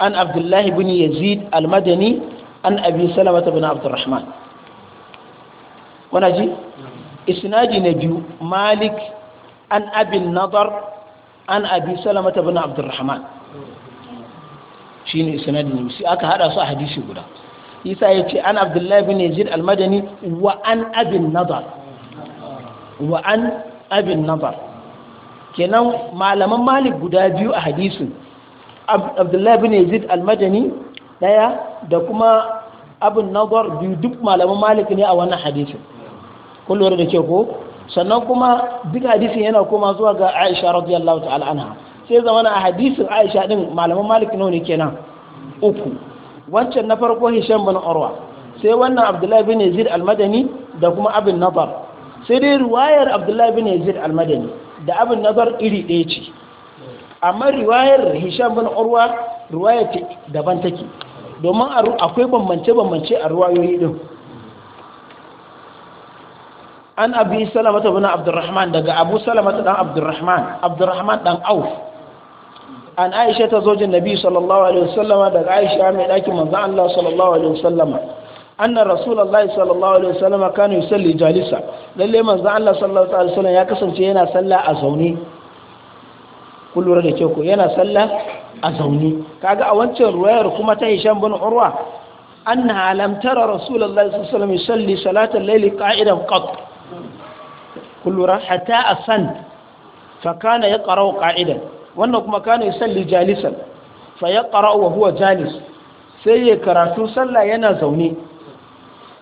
[SPEAKER 1] an abdullahi bin yazid al-madani an abin salamata bin abdurrahman wana ji isnadi na biyu malik an abin nadar an abi salamata bin abdurrahman shine isnadi ne sai aka hada su a hadisi guda isa ya ce an abdullahi bin yazid almadani wa an abin nadar wa an abin nadar kenan malaman malik guda biyu a hadisin abdullahi bin yazid almadani daya da kuma abin nadar biyu duk malaman malik ne a wannan hadisin kullum da ke ko sannan kuma duk hadisin yana koma zuwa ga aisha radiyallahu ta'ala anha sai zama na hadisin aisha din malaman malik nawa ne kenan uku wancan na farko hisham bin urwa sai wannan abdullahi bin yazid al-madani da kuma abin nazar sai dai riwayar abdullahi bin yazid al-madani da abin nazar iri ɗaya ce amma riwayar hisham bin urwa riwayar daban take domin akwai bambance-bambance a riwayoyi din an abi salama ta bana abdurrahman daga abu salama ta dan abdurrahman abdurrahman dan auf an aisha ta zojin nabi sallallahu alaihi wasallama daga aisha mai dakin manzo Allah sallallahu alaihi wasallama anna rasulullahi sallallahu alaihi wasallama kana yusalli jalisa lalle manzo Allah sallallahu alaihi ya kasance yana sallah a zaune kun lura da ke yana sallah a zaune kaga a wancan ruwayar kuma ta hisham bin urwa anna lam tara rasulullahi sallallahu alaihi wasallam yusalli salatal layli qa'idan qat kullura hata a san fakana ya ƙarau ƙa'idan wannan kuma kana ya salli jalisan fa ya ƙarau wa huwa jalis sai ya karatu sallah yana zaune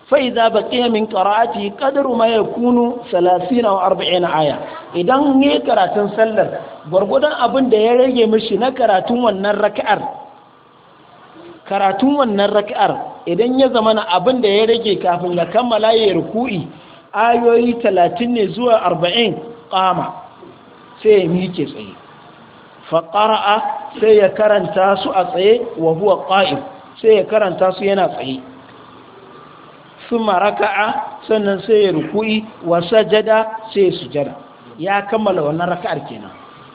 [SPEAKER 1] fa'iza ba min ƙara'ati ƙadaru ma ya kunu 30 40 aya idan ya karatun sallar gwargwadon abin da ya rage mishi na karatun wannan raka'ar karatun wannan raka'ar idan ya zama na abin da ya rage kafin ya kammala ya ruku'i ayoyi talatin ne zuwa arba'in ƙama sai ya miƙe tsaye faƙara'a sai ya karanta su a tsaye wa huwa ƙa'in sai ya karanta su yana tsaye sun maraka'a sannan sai ya rukui wa sajada sai ya sujada ya kammala wannan raka'ar kenan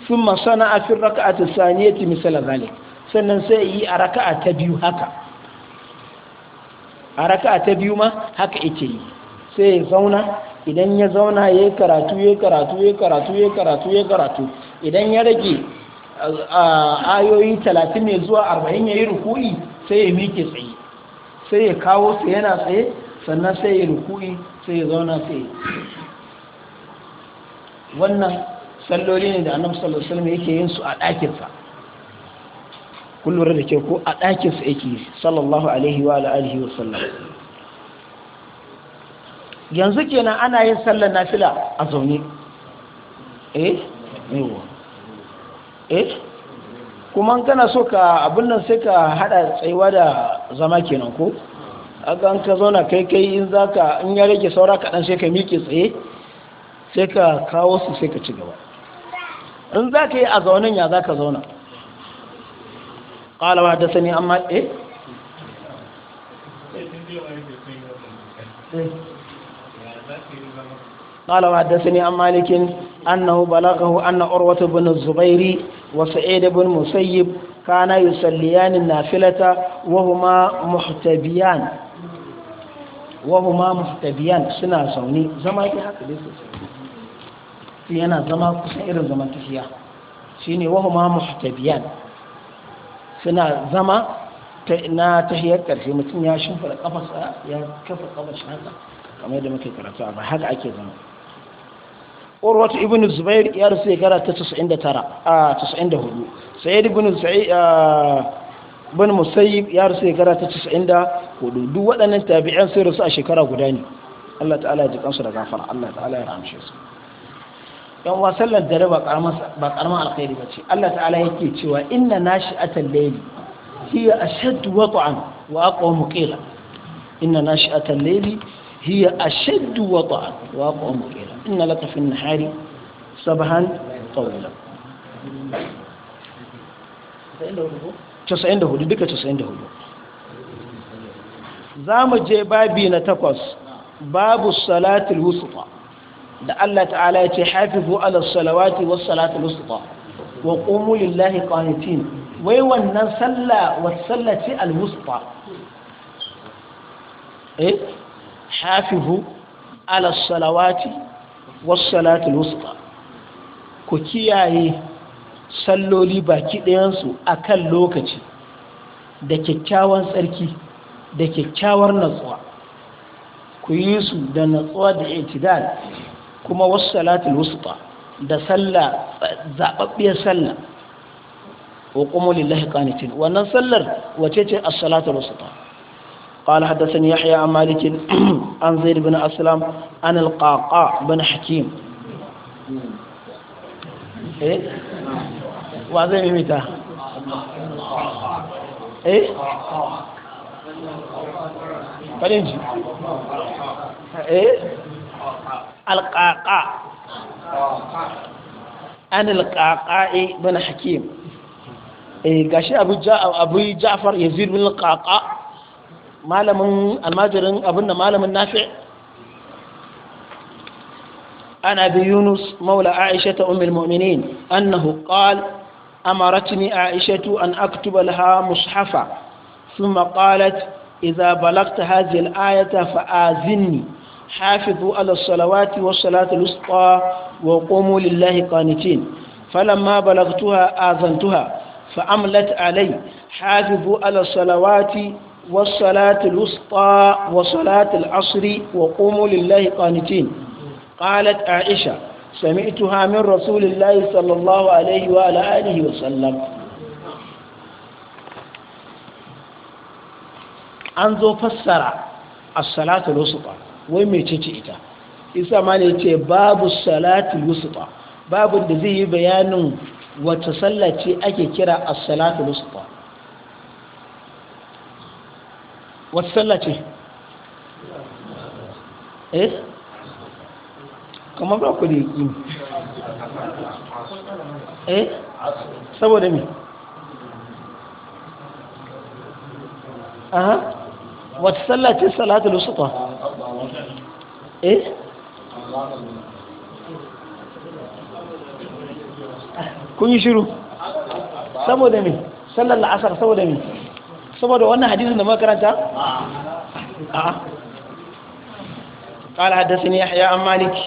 [SPEAKER 1] sun masana a fi raka'a ta ta misala zane sannan sai yi a raka'a ta biyu haka a raka'a ta biyu ma haka yake yi sai ya zauna idan ya zauna ya karatu ya karatu ya karatu ya karatu ya karatu idan ya rage ayoyi talatin ne zuwa arba'in ya yi rukui sai ya miƙe tsaye sai ya kawo su yana tsaye sannan sai ya rukui sai ya zauna tsaye wannan salloli ne da annabi sallallahu alaihi yake yin su a ɗakinsa kullum da ke ko a ɗakinsa yake sallallahu alaihi wa alihi wa sallam yanzu kenan ana yin sallar nafila a zaune eh yiwuwa eh kuma kana so ka abin nan sai ka hada tsayuwa da zama kenan ko agan ka zauna kai kai in zaka in ya rage saura kaɗan sai ka miƙe tsaye sai ka kawo su sai ka ci gaba in za ka yi a zaunin ya za ka zauna qala da sani amma eh, eh. قال وحدثني عن مالك أنه بلغه أن أروة بن الزبير وسعيد بن مسيب كانا يصليان النافلة وهما محتبيان وهما محتبيان سنة زوني زمان في حق في أنا زمان كسير زمان تحيا سيني وهما محتبيان سنة زمان تنا تحيا كرسي متن ياشن فلا يا كفر قفص هذا كما يدمك كرسي هذا حق أكيد زمان urwatu ibn zubair ya rasu shekara ta 99 a 94 sayyid ibn sa'id ibn musayyib ya rasu shekara ta 94 duk waɗannan tabi'an sai rasu a shekara guda ne Allah ta'ala ya ji kansu da gafara Allah ta'ala ya ramshe su yan wa sallar dare ba karamar alkhairi ba ce Allah ta'ala yake cewa inna nashi'atal layli hiya ashaddu wat'an wa aqwamu qila inna nashi'atal layli hiya ashaddu wat'an wa aqwamu qila إن لك في النهار سبحا طويلا casa'in da hudu duka casa'in da hudu za mu je babi na takwas babu salatul wusufa da Allah ta'ala ya ce hafifu ala salawati was salatul wusufa wa qumu lillahi qanitin wai wannan salla was sallati al wusufa eh hafifu ala salawati wassalatul wusta ku kiyaye salloli baki ɗayansu a kan lokaci da kyakkyawan tsarki da kyakkyawar natsuwa ku yi su da natsuwa da itidal kuma wassalatul wusta da sallah zaɓaɓɓiyar sallah wa qumu lillahi qanitin wannan sallar wace ce as-salatu wusta قال حدثني يحيى عن مالك عن زيد بن أسلم عن القعقاع بن حكيم
[SPEAKER 2] إيه وعزيمي متى إيه فلنجي إيه
[SPEAKER 1] القعقاع عن القعقاع بن حكيم إيه قاشي أبو جعفر يزيد بن القعقاع أنا أبي يونس مولى عائشة أم المؤمنين أنه قال أمرتني عائشة أن أكتب لها مصحفا ثم قالت إذا بلغت هذه الآية فآذني حافظوا على الصلوات والصلاة الوسطى وقوموا لله قانتين فلما بلغتها آذنتها فأملت علي حافظوا على الصلوات والصلاة الوسطى وصلاة العصر وقوموا لله قانتين قالت عائشة سمعتها من رسول الله صلى الله عليه وعلى آله وسلم أنظر فسر الصلاة الوسطى ومي تتئتا إذا ما نتي باب الصلاة الوسطى باب الذي بيان وتسلتي أكي كرا الصلاة الوسطى wata sallah ce eh kamar ba ku da yi
[SPEAKER 2] eh saboda mi aha wata sallah ce salatu usufa eh kun yi shiru saboda mi sallar la'asar
[SPEAKER 1] saboda mi saboda wannan hadisun da makaranta? a ƙala haddasa ne ya an maliki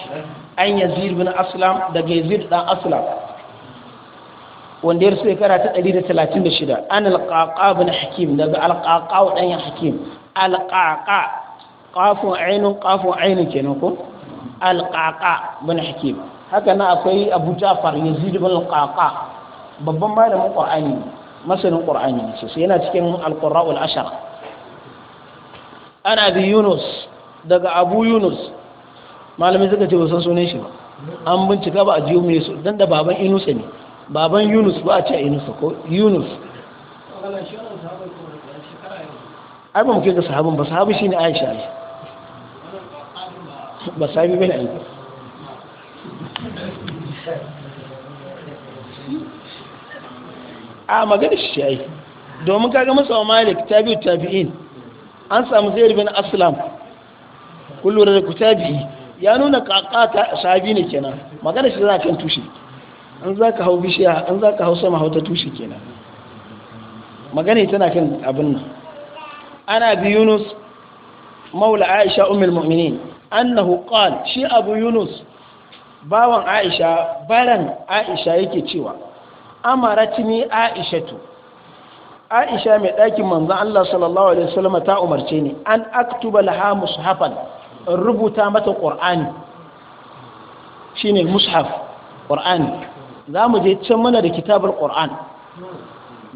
[SPEAKER 1] an yazir bin aslam daga yazir ɗan aslam wanda ya rasu ya ta 136 an alƙaƙa bin hakim daga alƙaƙa wa ɗanyen hakim alƙaƙa ƙafin ainihin ƙafin ainihin ke nuku alƙaƙa bin hakim haka na akwai abu jafar yazir bin alƙaƙa babban malamin ƙwa'ani ne masanin qur'ani ne sosai yana cikin alqurra'ul ashara ana bi yunus daga abu yunus malamai suka ce wasan sunan shi ba an bincika ba a jiyo mai su dan da baban inusa ne baban yunus ba a ce inusa ko yunus
[SPEAKER 2] ai ba mu kai ga sahabin ba sahabi shine aisha ne
[SPEAKER 1] ba sahabi bane aiki a magana shi yi. domin kaga masa malik ta ta biyu tabi'u in an samu zai bin aslam kullum da ku ta biyu ya nuna kakata shabi ne kenan magana shi za kan tushe an za ka hau bishiya an za ka hau sama hau ta tushe kenan magana tana kan abin nan ana bi yunus maula aisha umar mu'minin annahu qal shi abu yunus bawan aisha baran aisha yake cewa amaratni aishatu aisha mai ɗakin manzon Allah sallallahu alaihi wasallam ta umarce ni an aktuba laha mushafan rubuta mata qur'ani shine mushaf qur'ani zamu je can mana da kitabul qur'an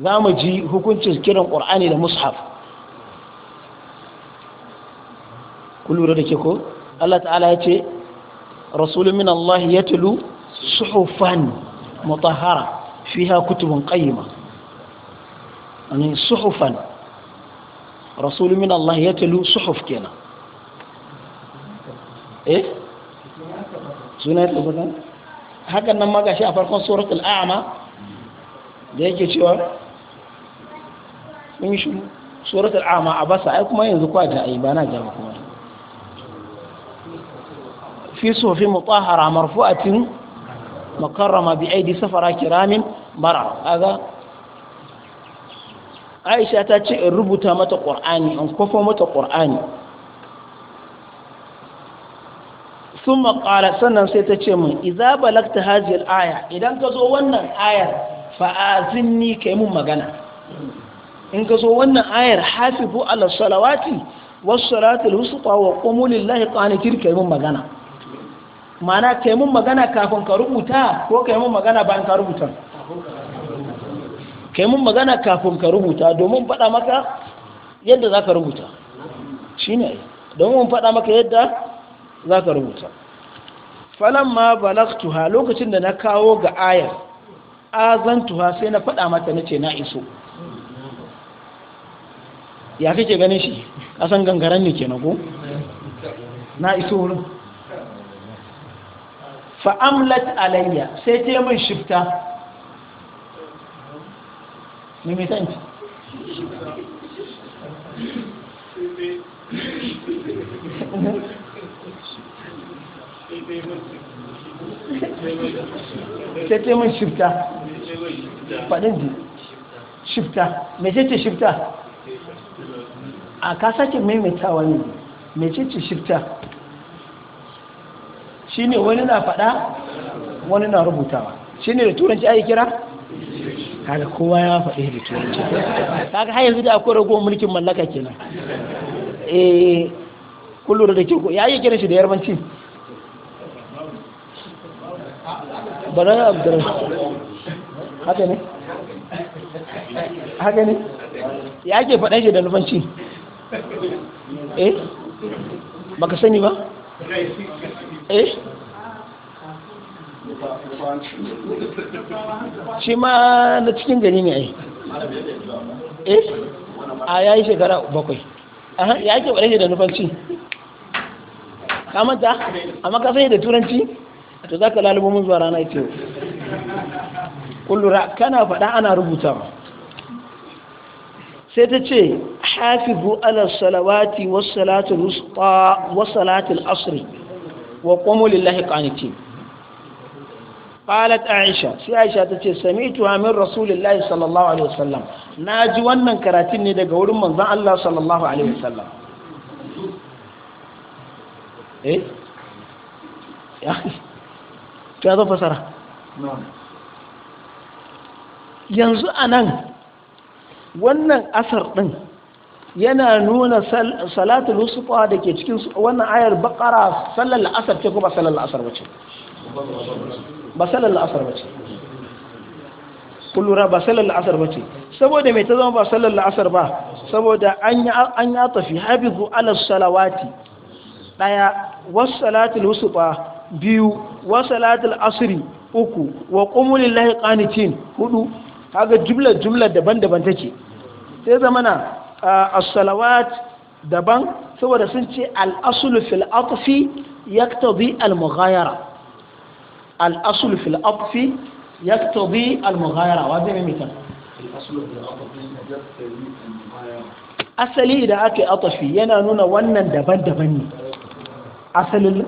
[SPEAKER 1] zamu ji hukuncin kiran qur'ani da mushaf kullu da ke ko Allah ta'ala ya ce rasulun min Allah ya tulu suhufan mutahara فيها كتب قيمة يعني صحفا رسول من الله يتلو صحف كنا إيه سنة تبتن هكذا نما قاشي أفرقون سورة الأعمى ليك شو من شو سورة الأعمى أبسا أيكم أين ذكوا جاء إبانا جاءكم في صحف مطهرة مرفوعة مكرمة بأيدي سفرة كرام mara aga aisha ta ce in rubuta mata ƙwar'ani in kwafa mata ƙwar'ani sun maƙala sannan sai ta ce min iza balakta hajiyar aya idan ka zo wannan ayar ni ka yi mun magana in ka zo wannan ayar hafifu ala salawati wasu salatul husuwa wa ƙomulin lahi ƙwanikir ka yi mun magana mana ka yi mun magana kafin ka rubuta ko ka yi mun magana bayan ka rubuta kai mun magana kafin ka rubuta domin faɗa maka yadda za ka rubuta shi ne domin faɗa maka yadda za ka rubuta falamma balagtuha lokacin da na kawo ga ayar azantuha sai na faɗa mata na ce na iso ya kake ganin shi kasan gangaren ne ke na go? na iso wurin fa'amlat alayya sai ta yi min shifta mimisanci
[SPEAKER 2] sai ta min shifta
[SPEAKER 1] faɗin ji shifta mecece shifta a ka sake maimaitawa ne mecece shifta shi ne wani na faɗa wani na rubutawa shi ne da turanci ake kira kaga kowa ya faɗi da turanci kaga har yanzu da akwai ragowar mulkin mallaka kenan eh kullum da ke ya yi kiran shi da yarbanci
[SPEAKER 2] bana abdur haka ne haka ne ya ke faɗan shi da nufanci eh baka sani ba eh shi ma
[SPEAKER 1] na cikin gari ne
[SPEAKER 2] eh a
[SPEAKER 1] ya yi shekara bakwai ya ake ɓarashe da nufanci kamata amma ka sai da turanci to za ka lalubo mun zuwa rana ce kullura kana faɗa ana rubuta sai ta ce hafizu ala salawati wasu salatul asiri. wa lillahi ƙanitin qalat aisha sai aisha tace sami'tu min rasulillahi sallallahu alaihi wasallam naji wannan karatun ne daga wurin manzon Allah sallallahu alaihi wasallam eh yanzu anan wannan asar ɗin yana nuna salatul usufa da ke cikin wannan ayar bakara sallar la'asar ce kuma sallar la'asar wace ba sallar la'asar ba ce kullura ba sallar la'asar ba ce saboda mai ta zama ba sallar la'asar ba saboda an ya tafi habibu ala salawati daya wasu salatul ba biyu wasu salatul asiri uku wa kumulin lahi kanitin hudu haga jumlar jumlar daban-daban take sai zamana a ah, salawat daban saboda sun ce al atafi ya ta yaqtadi al-mughayara al'asul fil afi ya tobi al-mughayara wa zai mimita asali idan aka yi atafi yana nuna wannan daban-daban ne asalin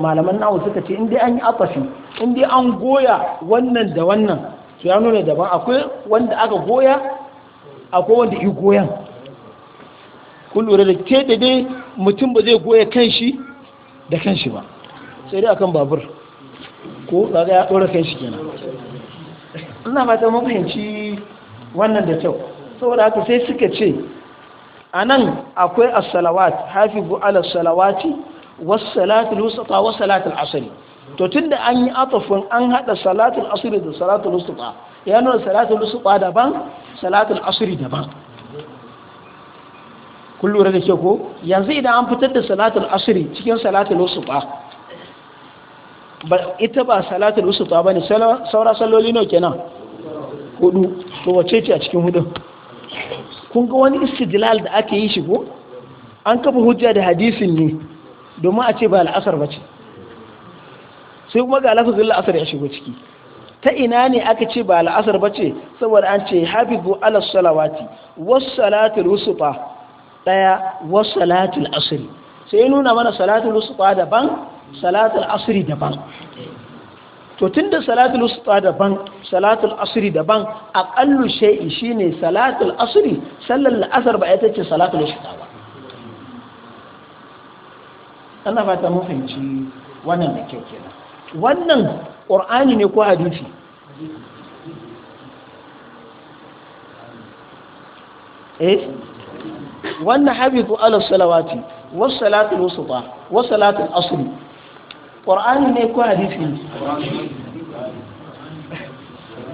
[SPEAKER 1] malaman nawa suka ce inda an yi atafi inda an goya wannan da wannan su ya nuna daban akwai wanda aka goya akwai wanda yi goyan kun lura da ke da dai mutum ba zai goya kanshi da kanshi ba sai dai akan babur ko kaga ya ɗora kai shi kenan ina fata mun fahimci wannan da kyau saboda haka sai suka ce a nan akwai as-salawat hafizu ala salawati was salatul wusta was salatul asr to tunda an yi atafin an haɗa salatul asr da salatul wusta ya nuna salatul wusta daban salatul asr daban kun lura da ke ko yanzu idan an fitar da salatul asri cikin salatul usuba ita ba salatul usuta bane saura salloli ne kenan hudu to wace ce a cikin hudu kun ga wani istidlal da ake yi shigo? an kafa hujja da hadisin ne domin a ce ba al'asar ba ce sai kuma ga lafazin la'asar ya shigo ciki ta ina ne aka ce ba al'asar ba ce saboda an ce hafizu ala salawati was salatul usufa daya was salatul asri sai nuna mana salatul usufa daban salatul asiri daban to tunda salatul usta daban salatul asri daban aqallu shay'i shine salatul asri sallar la'asar ba ita ce salatul usta ba Allah fata mun fahimci wannan da kyau kenan wannan qur'ani ne ko hadisi eh wannan Habibu ala salawati was salatul usta was salatul asri ƙwar'ani ne ko hadisi ne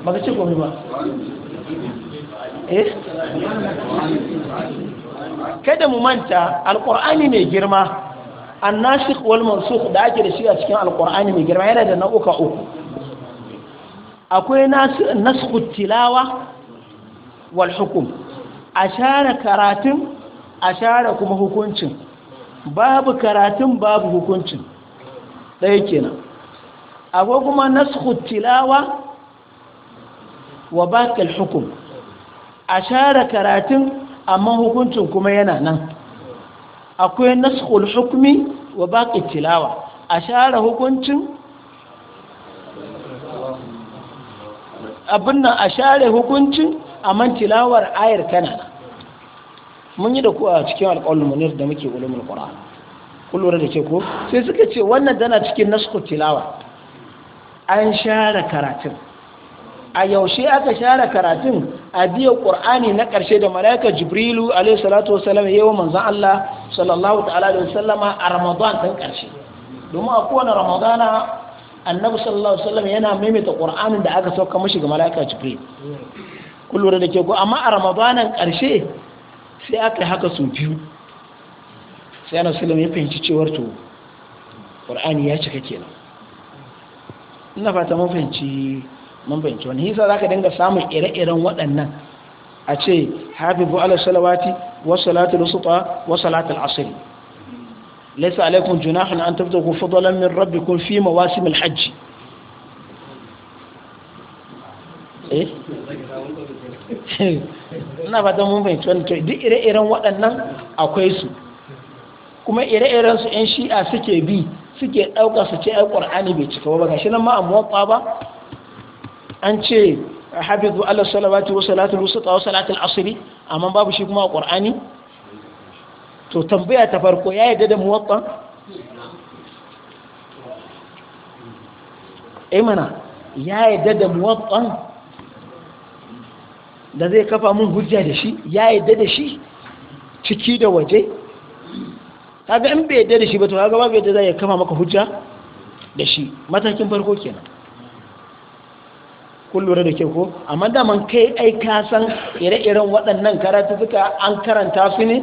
[SPEAKER 1] ba ka ce ba eh kada mu manta alƙwar'ani mai girma annashik wal mansukh da ake da shi a cikin alƙwar'ani mai girma yana da nau'uka uku akwai nasu tilawa wal hukum a share karatun a share kuma hukuncin babu karatun babu hukuncin ɗaya kenan akwai kuma nasu tilawa wa bakal hukum a share karatun amma hukuncin kuma yana nan akwai nasu hukumi wa bakal tilawa a share hukuncin abin nan a share hukuncin amma tilawar ayar kana mun yi da ku a cikin alƙawar munir da muke ulumin ƙwararra kullum da ce ko sai suka ce wannan tana cikin nasku tilawa an share karatun a yaushe aka share karatun a biya ƙur'ani na ƙarshe da mala'ika jibrilu alaihi salatu wasallam yayin manzon Allah sallallahu ta'ala da sallama a ramadan ɗin ƙarshe domin a kowane ramadana annabi sallallahu alaihi wasallam yana maimaita qur'anin da aka sauka mishi ga malaika jibril Kullum da ke ko amma a ramadanan karshe sai aka haka su biyu sai ana sulam ya fahimci cewar to ƙwar'ani ya cika kenan ina fata mun fahimci mun fahimci wani hisa za ka dinga samun ire-iren waɗannan a ce hafifu ala salawati wa salatu lusufa wa salatu al'asiri laisa alaikun junahun an tabbata ku fadalan min rabbikum fi mawasim alhajj eh ina fata mun fahimci wani duk ire-iren waɗannan akwai su kuma ire-iren su yan shi'a suke bi suke ɗauka su ce ai bai cika ba gashi nan ma a muwatta ba an ce hafizu allah salawati wa salatul wusta wa salatul asiri. amma babu shi kuma a to tambaya ta farko ya yadda da muwatta eh mana ya yadda da muwatta da zai kafa mun hujja da shi ya yadda da shi ciki da waje kaga in bai yadda da shi ba to kaga bai da zai kama maka hujja da shi matakin farko kenan kun lura da ke ko amma da daman kai ai ka san ire-iren waɗannan karatu suka an karanta su ne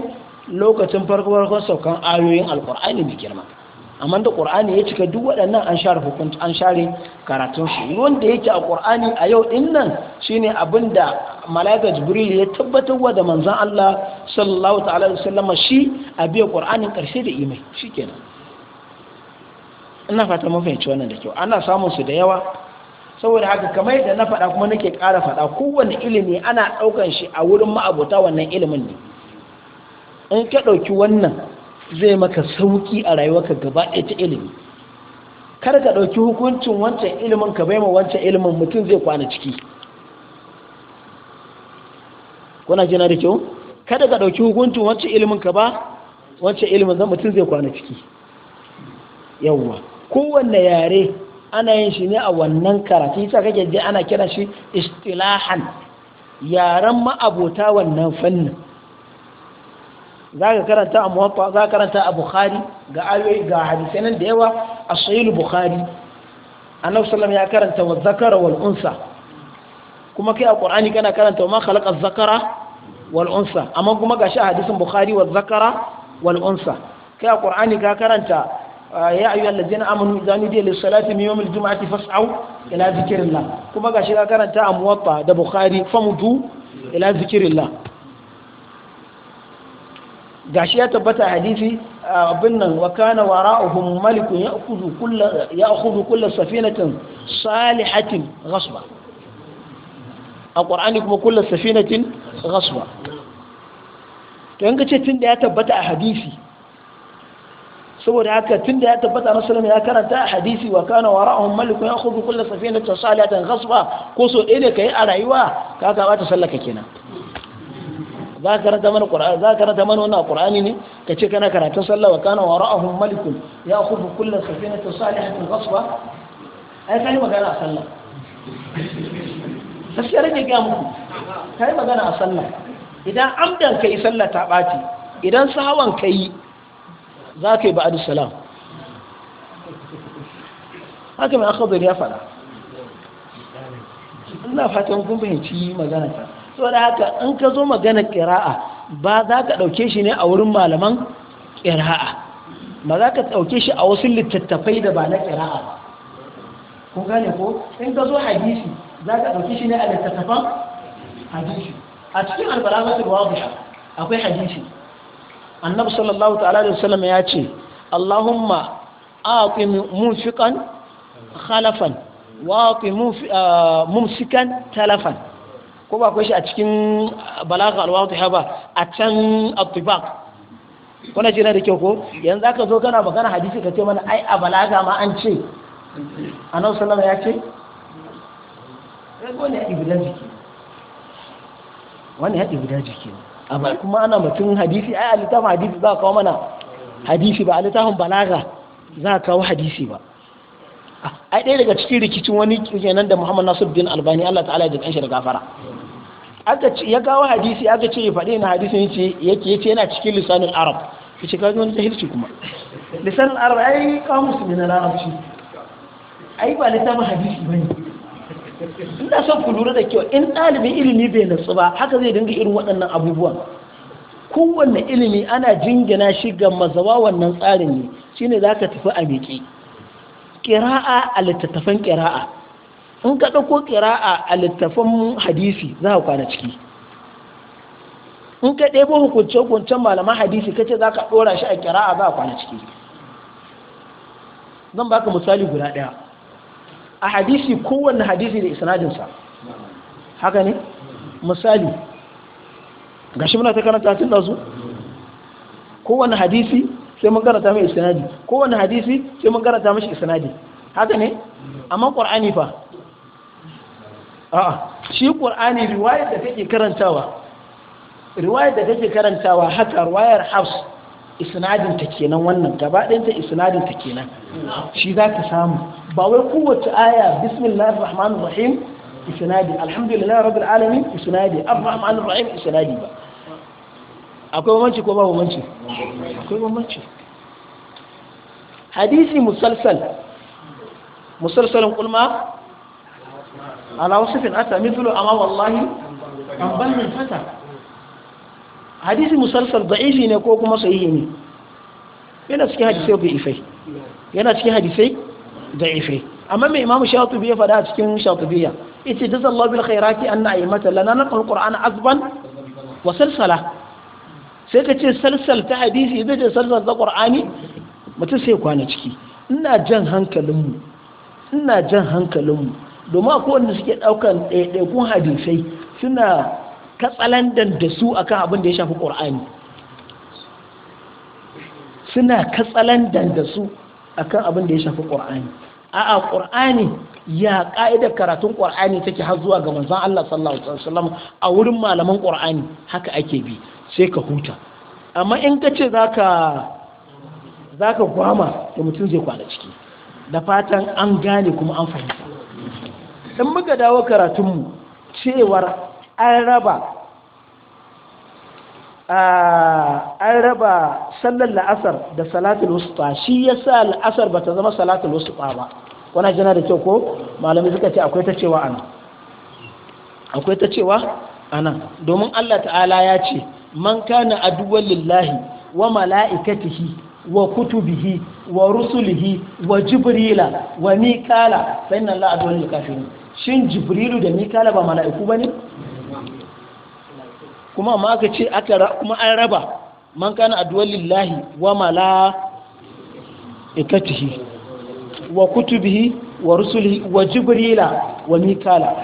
[SPEAKER 1] lokacin farko farkon saukan ayoyin alkur'ani mai girma amma da qur'ani ya cika duk waɗannan an share hukunci an share karatun shi wanda yake a qur'ani a yau din nan shine abinda malaika jibril ya tabbatar wa da manzon Allah sallallahu ta'ala alaihi wasallam shi a biya qur'anin karshe da imai shikenan ina fata mun fahimci wannan da kyau ana samun su da yawa saboda haka kamar yadda na faɗa kuma nake ƙara faɗa kowane ilimi ana ɗaukan shi a wurin ma'abota wannan ilimin ne in ka ɗauki wannan zai maka sauki a rayuwarka gaba ɗaya ta ilimi kar ka ɗauki hukuncin wancan ilimin ka bai ma wancan ilimin mutum zai kwana ciki kuna jina da kyau kada ka ɗauki hukuncin wancan ilimin ka ba wancan ilimin zan mutum zai kwana ciki yawwa kowanne yare ana yin shi ne a wannan karatu yasa kake je ana kiran shi istilahan yaren ma'abota wannan fannin za ka karanta a muwatta za ka karanta a bukhari ga ayoyi ga hadisai nan da yawa a sahih bukhari annabi sallam ya karanta wa zakara wal unsa kuma kai a qur'ani kana karanta wa ma khalaqa zakara wal unsa amma kuma gashi a hadisin bukhari wa zakara wal unsa kai a qur'ani ka karanta ah, ya ayyuha allazina amanu idza nudiya lis salati min yawmil jum'ati fas'au ila zikrillah kuma gashi ka karanta a muwatta da bukhari famudu ila zikrillah gashi ya tabbata hadisi abin nan wa kana wara'uhum malikun ya'khudhu kullu ya'khudhu kullu safinatin salihatin ghasba a qur'ani kuma kullu safinatin ghasba to yanka ce tunda ya tabbata a hadisi saboda haka tunda ya tabbata musulmi ya karanta a hadisi wa kana wara'uhum malikun ya'khudhu kullu safinatin salihatin ghasba ko so ɗaya ne kai a rayuwa ka ka bata sallaka kenan za ka karanta mana qur'ani za ka karanta mana wannan qur'ani ne ka ce kana karatun sallah wa kana wara'ahum malikun ya khufu kullu safinatin salihatin ghasba ai kai magana a sallah gaskiya rage ga muku yi magana a sallah idan amdan ka yi sallah ta bati idan sahawan yi, za ka yi ba ba'adu salam
[SPEAKER 2] haka mai akhbar ya fara
[SPEAKER 1] ina fatan kun fahimci magana ta so da haka in ka zo magana ƙira'a ba za ka ɗauke shi ne a wurin malaman ƙira'a ba za ka ɗauke shi a wasu littattafai da ba na ƙira'a ko gane ko in ka zo hadisi za ka ɗauke shi ne a littattafan hadisi a cikin albalagatul wadhiha akwai hadisi annabi sallallahu ta'ala alaihi wasallam ya ce allahumma a'ti munfiqan khalafan wa a'ti mumsikan ah, talafan ko ba shi a cikin balagha ha ba a can at Kuna jira da kyau ko yanzu aka zo kana magana hadisi ka ce mana ai a balaga ma an ce annabi sallallahu ya ce wani haɗi guda jiki wani haɗi guda jiki amma kuma ana mutum hadisi ai a hadisi za a kawo mana hadisi ba a balaga za a kawo hadisi ba ai ɗaya daga cikin rikicin wani kenan da Muhammad Nasiruddin Albani Allah ta'ala ya jikan shi da gafara aka ce ya gawo hadisi aka ce ya faɗi na hadisin yace yake yace yana cikin lisanin arab yace kaji wani jahilci kuma Lisanin arab ai kawo musulmi na larabci ai ba littafin hadisi ne. ina son ku lura da kyau in ɗalibin ilimi bai nasu ba haka zai dinga irin waɗannan abubuwan kowanne ilimi ana jingina shi ga mazawa wannan tsarin ne shine zaka tafi a miƙe ƙira'a a littattafan ƙira'a in ka ɗauko ƙira'a a littattafan hadisi za ka kwana ciki in ka ɗebo hukunce-hukuncen malaman hadisi ka ce za ka ɗora shi a ƙira'a za ka kwana ciki zan baka misali guda ɗaya a hadisi kowanne hadisi da isnadinsa haka ne misali ga shi muna ta karanta tun da su hadisi sai mun karanta mai isnadi kowane hadisi sai mun karanta mashi isnadi haka ne amma qur'ani fa a'a shi qur'ani riwaya da kake karantawa riwayar da kake karantawa haka riwayar hafs isnadin ta kenan wannan gaba ɗayan ta isnadin ta kenan shi za zaka samu ba wai kowace aya bismillahir rahmanir rahim isnadi alhamdulillahi rabbil alamin isnadi arrahmanir rahim isnadi ba akwai bambanci ko ba bambanci akwai bambanci hadisi musalsal musalsalin kulma ala wasifin ata mithlu amma wallahi an bal min fata hadisi musalsal da'ifi ne ko kuma sahihi ne yana cikin hadisai da'ifai yana cikin hadisai da'ifai amma mai imamu shatubi ya faɗa a cikin shatubiyya yace jazallahu bil khairati anna aymata lana naqul qur'ana azban wa salsala sai ka ce salsal ta hadisi zai ce salsal ta ƙwar'ani mutum sai kwana ciki ina jan hankalinmu ina jan hankalinmu domin akwai wanda suke ɗaukan ɗaiɗaikun hadisai suna katsalandan da su akan abin da ya shafi ƙwar'ani suna katsalandan da su kan abin da ya shafi ƙwar'ani a'a ƙwar'ani ya ƙa'idar karatun ƙwar'ani take har zuwa ga manzon Allah sallallahu alaihi wasallam a wurin malaman ƙwar'ani haka ake bi sai ka huta amma in ka ce za ka gwama da mutum zai kwana ciki da fatan an gane kuma an fahimta in muka dawo karatunmu cewar an raba an raba sallar la'asar da salatul wasuwa shi ya sa la'asar ba ta zama salatul wasuwa ba wana jana da kyau ko malamai suka ce akwai ta cewa ana akwai ta cewa ana domin allah ta'ala ya ce man kana aduwwan lillahi wa mala'ikatihi wa kutubihi wa rusulihi wa jibrila wa mikala fa inna allaha aduwwan kafirin shin jibrilu da mikala ba mala'iku bane kuma amma aka ce aka kuma an raba man kana aduwwan lillahi wa mala'ikatihi wa kutubihi wa rusulihi wa jibrila wa mikala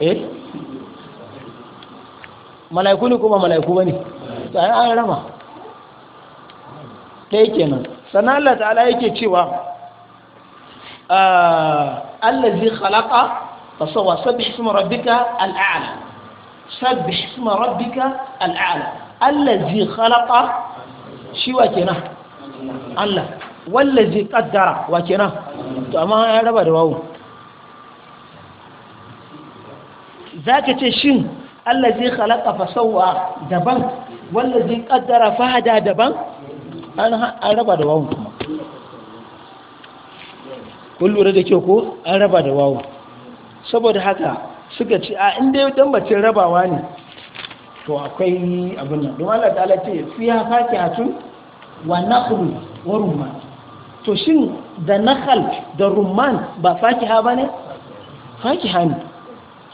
[SPEAKER 1] eh mala'iku ne ko ba mala'iku bane to ai an rama dai kenan sanan Allah ta'ala yake cewa ah, allazi khalaqa fasawa sabbih isma rabbika al'ala sabbih isma rabbika al'ala allazi khalaqa shi wa kenan Allah wallazi qaddara wa kenan to amma ya raba da wawu zaka ce shin Allah zai halaka fasawa daban wanda zai kaddara fahada daban an raba da wawun kuma kun lura da kyau ko an raba da wawun saboda haka suka ce a inda yau tambacin rabawa ne to akwai abin nan domin Allah ta'ala ce fi ya faki hatun wa naqlu wa rumman to shin da nakhal da rumman ba ha ba ne? bane ha ne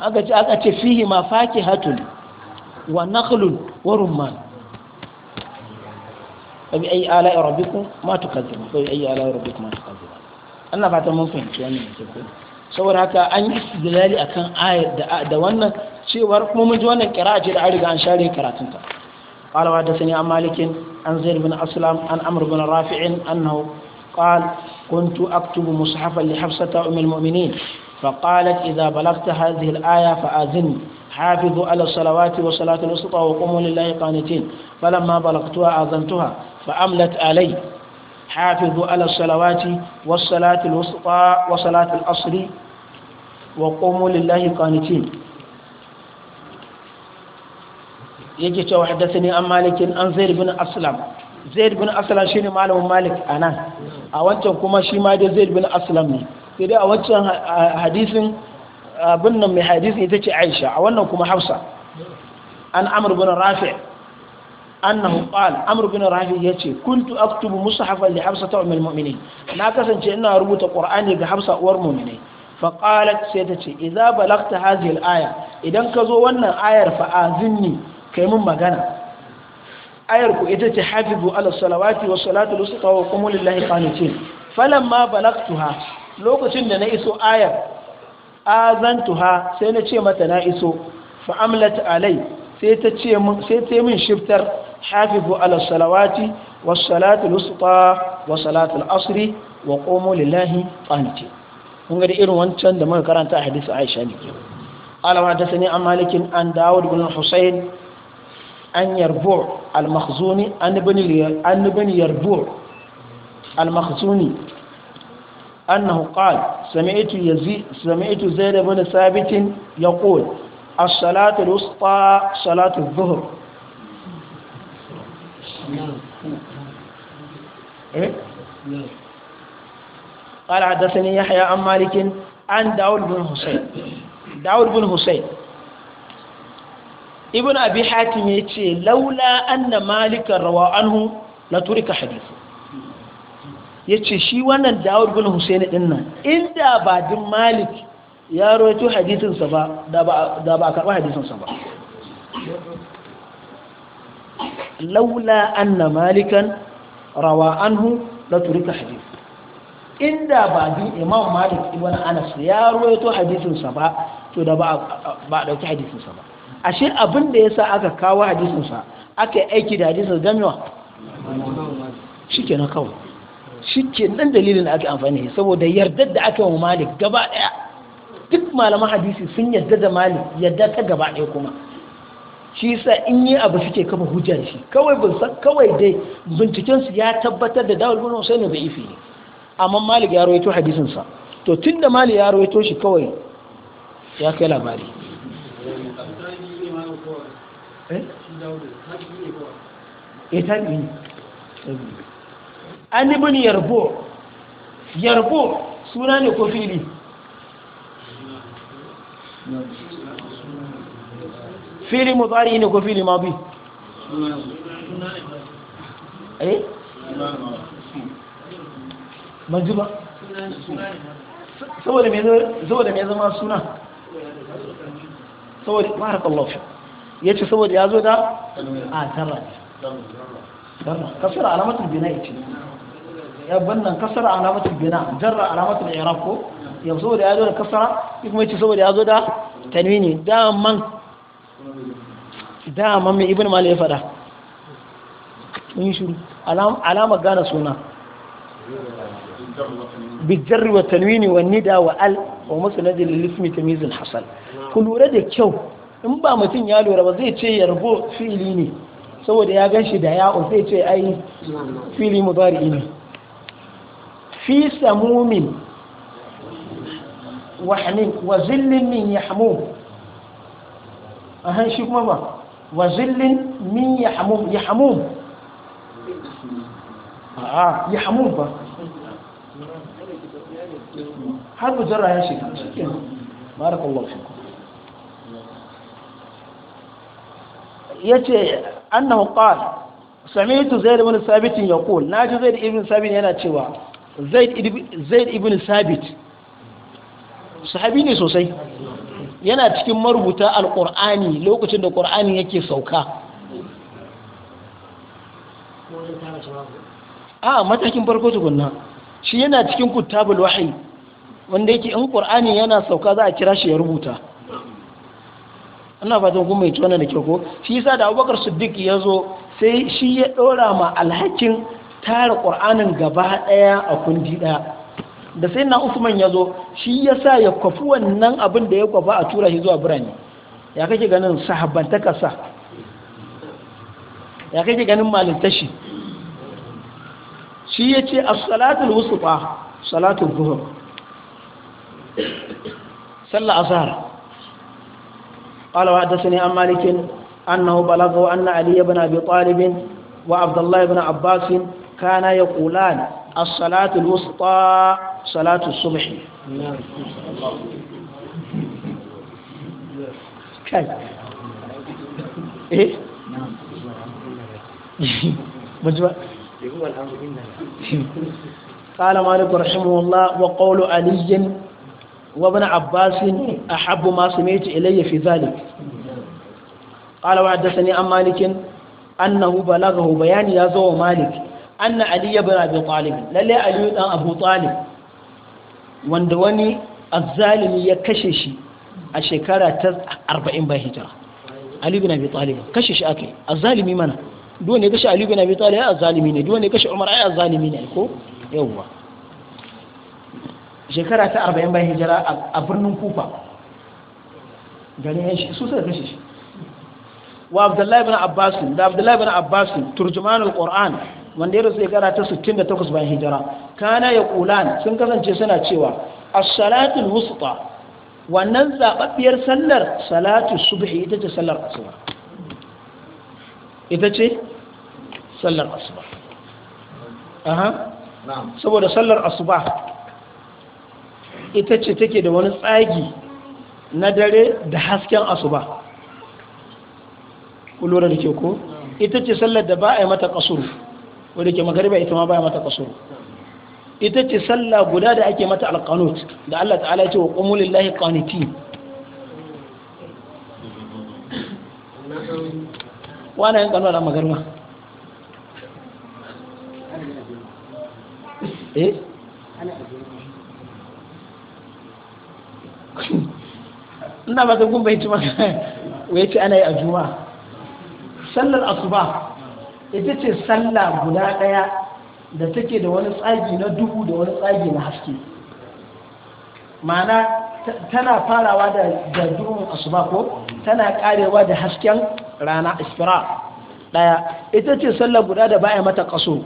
[SPEAKER 1] aka ce aka fihi ma fakihatun wa nakhlun wa rumman abi ayi ala rabbikum ma tukazzibu abi ayi ala rabbikum ma tukazzibu Allah fata mun fahimci wannan ne ko saboda haka an yi istidlali akan ayar da wannan cewar kuma mun ji wannan qira'a ce da an riga an share karatunta قال an malikin, an عن زيد بن أسلم عن عمرو بن رافع أنه قال كنت أكتب مصحفا لحفصة أم المؤمنين فقالت إذا بلغت هذه الآية فآذني حافظوا على الصلوات والصلاة الوسطى وقوموا لله قانتين فلما بلغتها آذنتها فأملت علي حافظوا على الصلوات والصلاة الوسطى وصلاة الأصل وقوموا لله قانتين yake cewa haddathani an malikin an zaid bin aslam zaid bin aslam shine malamin malik anan a wancan kuma shi ma dai zaid bin aslam ne sai dai a wancan hadisin abin nan mai hadisin ita ce aisha a wannan kuma hafsa an amur bin rafi annahu qal amr bin rafi yace kuntu aktubu mushafan li hafsa ta ummul mu'minin na kasance ina rubuta qur'ani ga hafsa uwar mu'minai fa qalat sai ta ce idza balagta hadhihi aya idan ka zo wannan ayar fa ka kai mun magana ayar ku ita ce hafizu ala salawati was salatu al-wusta wa qumu lillahi qanitin falamma ha? lokacin da na iso ayar azantuha sai na ce mata na iso fa'amlat alai sai ta ce min shiftar hafifu ala salawati wa salatul wa salatul asri wa komo lillahi qanti kun ga irin wancan da muka karanta a hadisi Aisha ne alawa da sani an malikin an Dawud bin Husayn an yarbu al-makhzuni an ibn an al-makhzuni أنه قال سمعت, يزيد سمعت زيد بن ثابت يقول الصلاة الوسطى صلاة الظهر إيه؟ قال حدثني يحيى عن مالك عن داود بن حسين داود بن حسين ابن أبي حاتم يقول لولا أن مالك روى عنه لترك حديثه ya ce shi wannan dawud bin husaini din nan inda ba din malik ya roto hadisinsa ba da ba a karɓi hadisinsa ba laula anna malikan rawa anhu la turika hadith inda ba din imam malik ibn anas ya roto hadisinsa ba to da ba a ɗauki hadisinsa ba ashe abin da ya sa aka kawo hadisinsa aka yi aiki da hadisinsa gamewa shi ke na kawai shi ke nan dalilin da aka amfani saboda yardar da aka yi wa malik gaba ɗaya duk malaman hadisi sun yarda da malik yarda ta gaba ɗaya kuma shi sa in yi abu suke kafa hujjar shi kawai kawai dai su ya tabbatar da dawal bin husain bai ifi ne amma malik ya rawaito hadisin sa to tunda malik ya rawaito shi kawai ya kai labari eh eh tabi'i an ibn yarbo yarbo suna ne ko fili
[SPEAKER 2] fili mutari ne ko fili
[SPEAKER 1] mabi eh manzu ba
[SPEAKER 2] saboda mai zama suna
[SPEAKER 1] saboda barakallahu fi ya ce saboda ya zo da a ah, tarra tarra kasar alamatin bina ce wannan kasara alamatu bina jarra alamatul i'rab ko saboda ya zo da kasara kuma yace saboda ya zo da tanwini daman daman mai ibnu malik ya fada mun shiru alama gane suna
[SPEAKER 2] bijarri wa tanwini
[SPEAKER 1] wa nida wa al wa musnad lil ismi tamyiz al hasal ku lura da kyau in ba mutun ya lura ba zai ce yarbo fili ne saboda ya ganshi da ya'u sai ce ai fili mudari ne fi samumin wahamin min a kuma ba ba har ya shiga cikin barakallahu fikum yace annahu qala sami'tu zaid ibn na yaqul naji zaid ibn sabit yana cewa zaid ibn sabit sahabi ne sosai yana cikin marubuta alƙur'ani lokacin da ƙur'ani yake sauka a matakin farko tukunna shi yana cikin kuttabul wahayi wanda yake in ƙur'ani yana sauka za a kira shi ya rubuta ana fatan kuma mai tona da kyau ko shi yasa da abubakar siddiq ya zo sai shi ya ɗora ma alhakin tara ƙur'anin gaba ɗaya a kundi ɗaya da sai na usman ya zo shi ya sa ya kwafi wannan abin da ya kwafa a tura shi zuwa birane ya kake ganin sahabbantaka sa ya kake ganin malintashi shi ya ce a salatul wusufa salatul zuhur sallah asar قال وحدثني عن مالك annahu بلغه anna علي بن أبي طالب wa الله بن عباس كانا يقولان الصلاة الوسطى صلاة الصبح
[SPEAKER 2] نعم ايه مجمع
[SPEAKER 1] قال مالك رحمه الله وقول علي وابن عباس أحب ما سمعت إلي في ذلك قال وحدثني عن مالك أنه بلغه بيان يا مالك anna ali ibn abi talib lalle ali dan abu talib wanda wani azzalimi ya kashe shi a shekara ta 40 bayan hijira ali bin abi talib kashe shi ake, azzalimi mana duwan ne kashe ali bin abi talib ai azzalimi ne duwan ne kashe umar ai azzalimi ne ko yawwa shekara ta 40 bayan hijira a birnin kufa ganin shi sosai suka kashe shi wa abdullahi bin abbas da abdullahi bin abbas turjumanul qur'an wanda ya rasu shekara ta 68 bayan hijira kana ya kulan sun kasance suna cewa as-salatul wusta wannan zababbiyar sallar salatu subhi ita ce sallar asuba ita ce sallar asuba aha na'am saboda sallar asuba ita ce take da wani tsagi na dare da hasken asuba ku lura da ke ko ita ce sallar da ba a yi mata kasuru wadda ke magariba ita ma baya mata kaso ita ce sallah guda da ake mata alqanut da Allah ta'ala ya ce wa qumu lillahi qanitin wani yan kanuwa da magariba eh ina ba ta gumbayi ci wai ce ana yi a juma'a sallar asuba ita ce sallah guda ɗaya da take da wani tsagi na dubu da wani tsagi na haske ma'ana tana farawa da duhun asuba ko tana karewa da hasken rana isfira ɗaya ita ce sallah guda da baya mata kaso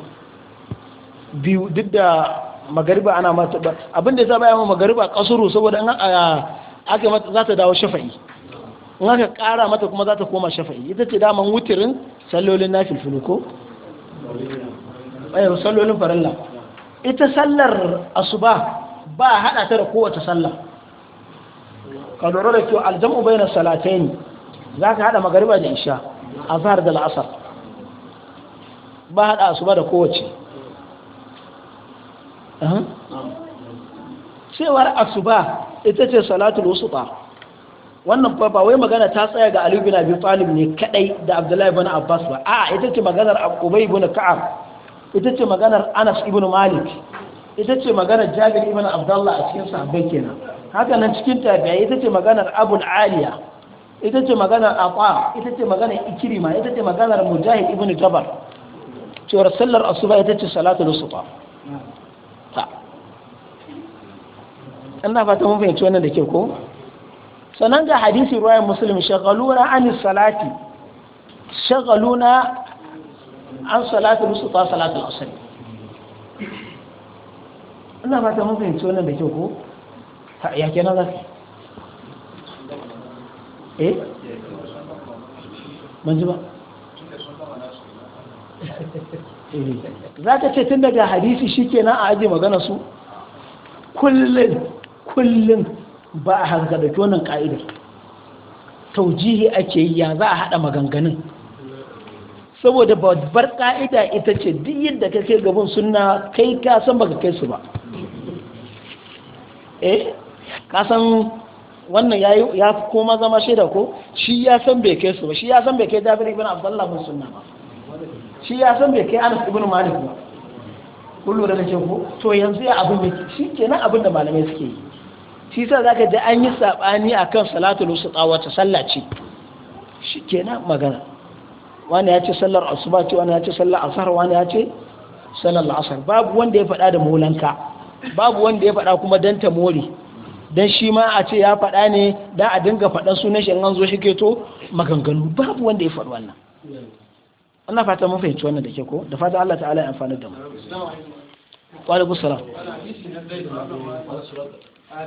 [SPEAKER 1] biyu duk da magariba ana mata abinda ta baya ma magariba kasuru saboda za ta dawo shafa'i in aka ƙara mata kuma za ta koma shafa'i ita ce daman wutirin sallolin na filfilu ko? sallolin farilla ita sallar asuba ba a haɗa ta da kowace sallah ka dora da kyau aljam'u bai na salatai ne za ka haɗa magariba da isha a zahar da la'asar ba haɗa asuba da kowace cewar asuba ita ce salatul wasu ba wannan ba wai magana ta tsaya ga Ali bin Abi Talib ne kadai da Abdullahi bin Abbas ba a ita ce maganar Ubay bin Ka'ab ita ce maganar Anas ibn Malik ita ce maganar Jabir ibn Abdullah a cikin sahabbai kenan haka nan cikin tabi'a ita ce maganar Abu Aliya ita ce maganar Aqwa ita ce maganar Ikrima ita ce maganar Mujahid ibn Jabal cewar sallar asuba ita ce salatul suba ta ba ta mun fahimci wannan da ke ko sannan ga hadisi ruwayan musulun shagaluna an salati shagaluna an salati musu ta salatun asali ina ba ta mafi wannan da kyau ko ya ke nan zafi eh manji ba za ka ce tun daga hadisi shi ke na a aji magana su kullum kullum ba a da wannan ka'idar taujihi ake yi ya za a haɗa maganganun saboda babbar ka'ida ita ce duk yadda ka kai gaban suna kai ka san baka kai su ba eh ka san wannan ya fi koma zama shaida ko shi ya san bai kai su ba shi ya san bai kai jabir ibn abdullah bin sunna ba shi ya san bai kai anas ibn malik ba kullu da ke ko to yanzu ya abin yake shi kenan abin da malamai suke yi shi sa ka ji an yi saɓani a kan salatul wusta wata sallah ce shikenan magana wani ya ce sallar asuba ce wani ya ce sallar asar wani ya ce sallar asar babu wanda ya faɗa da molanka babu wanda ya faɗa kuma don tamori don shi ma a ce ya faɗa ne da a dinga faɗan sunan shi an zo shi ke to maganganu babu wanda ya faɗi wannan Allah fata mun fahimci wannan da ke ko da fata Allah ta'ala ya amfana da mu
[SPEAKER 2] wa alaikum salam a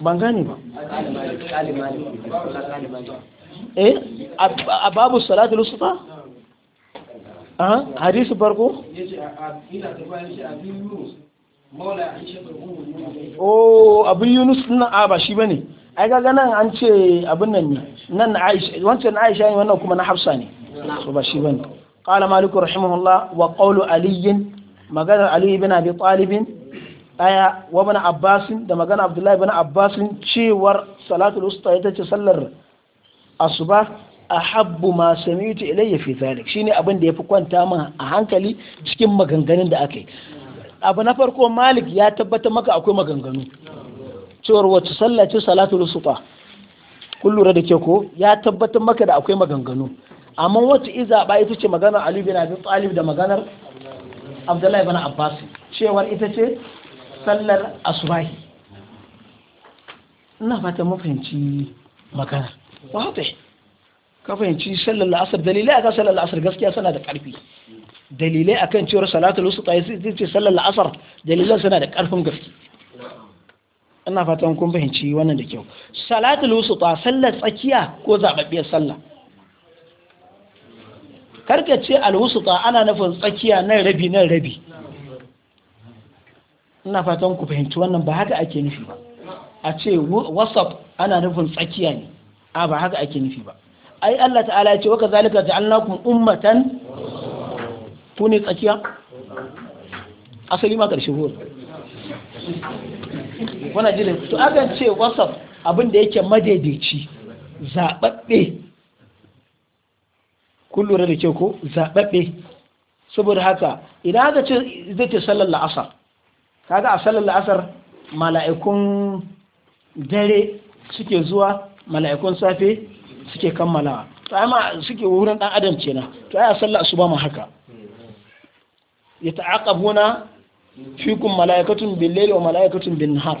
[SPEAKER 1] ban ba eh babu salatu lusufa ah hadisi farko oh abu yunus na a ba shi ba ne ai gaga nan an ce abin nan ne nan aisha wancan na aisha ne wannan kuma na hafsa ne so ba shi ba ne قال مالك رحمه الله وقول علي مغنى علي بن أبي طالب da وابن عباس ده مغنى عبد الله بن عباس شيور صلاة الوسطى يتسلر الصباح ahabbu ma sami'tu ilayya fi zalik shine abin da yafi kwanta min a hankali cikin maganganun da akai abu na farko malik ya tabbatar maka akwai maganganu cewar wacce sallah ce salatul sufa kun da ke ko ya tabbatar maka da akwai maganganu amma wacce iza ba ita ce maganar Ali bin Abi Talib da maganar Abdullahi bin Abbas cewar ita ce sallar asubahi ina fata mun fahimci magana ba haka ka fahimci sallar la'asar dalilai akan sallar la'asar gaskiya suna da karfi dalilai akan cewar salatul wusta ita ce sallar la'asar dalilan suna da karfin gaske ina fatan kun fahimci wannan da kyau salatul wusta sallar tsakiya ko zababbiyar sallah karka ce alwusuta ana nufin tsakiya nan rabi nan rabi ina fatan ku fahimci wannan ba haka ake nufi ba a ce whatsapp ana nufin tsakiya ne a ba haka ake nufi ba ai Allah ta'ala ya ce waka zalika ja'alnakum ummatan ku ne tsakiya asali ma karshe horo wannan jilin to akan ce whatsapp abin da yake madaidaici zababbe kun lura da kyau ko zaɓaɓɓe saboda haka idan aka ce zai ce sallar la'asar kaga a sallar la'asar mala'ikun dare suke zuwa mala'ikun safe suke kammalawa to ma suke wurin ɗan adam kenan to ai a sallar ba ma haka yata'aqabuna fikum mala'ikatun bil-layli wa mala'ikatun bin-nahar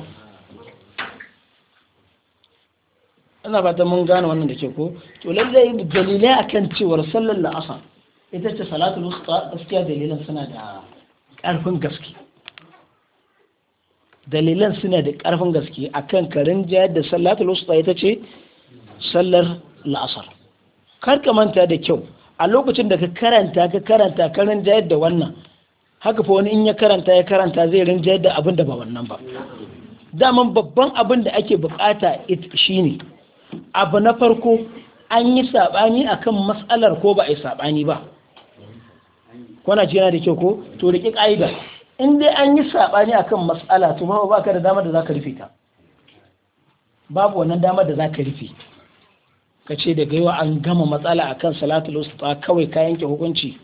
[SPEAKER 1] ina fatan mun gane wannan da ke ko to lallai dalilai akan cewar sallar la'asar ita ce salatul wusta gaskiya dalilan suna da ƙarfin gaske dalilan suna da ƙarfin gaske akan karin jayar da salatul wusta ita ce sallar la'asar kar ka manta da kyau a lokacin da ka karanta ka karanta karin jayar da wannan haka fa wani in ya karanta ya karanta zai jayar da abin da ba wannan ba daman babban abin da ake bukata shine abu na farko an yi saɓani a kan matsalar ko ba a yi saɓani ba kwana jina da kyau ko to da ƙi ƙa'ida in dai an yi saɓani a kan matsala to ba ba ka da damar da za ka rufe ta babu wannan damar da za ka rufe ka ce daga gaiwa an gama matsala a kan salatul usta kawai ka yanke hukunci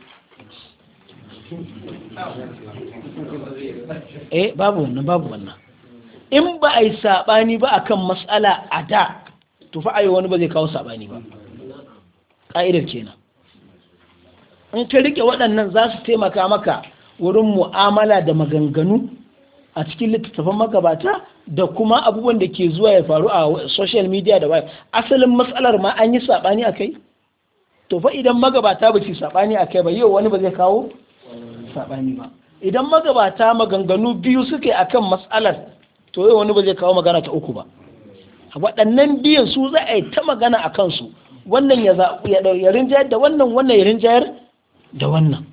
[SPEAKER 1] eh babu wannan babu wannan in ba a yi saɓani ba a kan matsala a da to fa ayi wani ba zai kawo sabani ba ka'idar kenan in ka rike waɗannan za su taimaka maka wurin mu'amala da maganganu a cikin littattafan magabata da kuma abubuwan da ke zuwa ya faru a social media da waya asalin matsalar ma an yi saɓani a kai to fa idan magabata ba su saɓani a kai ba yau wani ba zai kawo saɓani ba idan magabata maganganu biyu suke akan matsalar to yau wani ba zai kawo magana ta uku ba waɗannan biyan su za a yi ta magana a kansu wannan ya rinjayar da wannan wannan ya rinjayar da wannan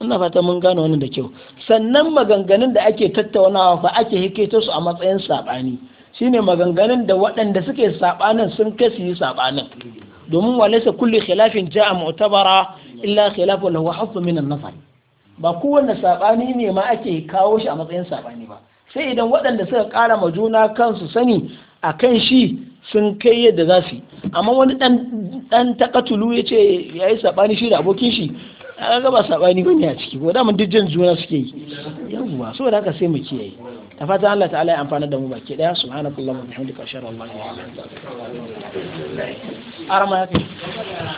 [SPEAKER 1] ina fata mun gano wannan da kyau sannan maganganun da ake tattaunawa fa ake hikaito su a matsayin saɓani shine maganganun da waɗanda suke saɓanin sun kai su yi saɓanin domin walaisa kulli khilafin ja'a mu'tabara illa khilafu lahu hafu min an-nazar ba kowanne saɓani ne ma ake kawo shi a matsayin saɓani ba sai idan waɗanda suka ƙara ma juna kansu sani a kan shi sun kai yadda za su yi. amma wani ɗan takatulu ya ce ya yi saɓani shi da abokin shi a ga ba saɓani ne a ciki ko daman duk juna suke yi ba saboda haka sai mu kiyaye ta fata Allah ta'ala ya amfana da mu baki daya su hana kullum mu an
[SPEAKER 3] la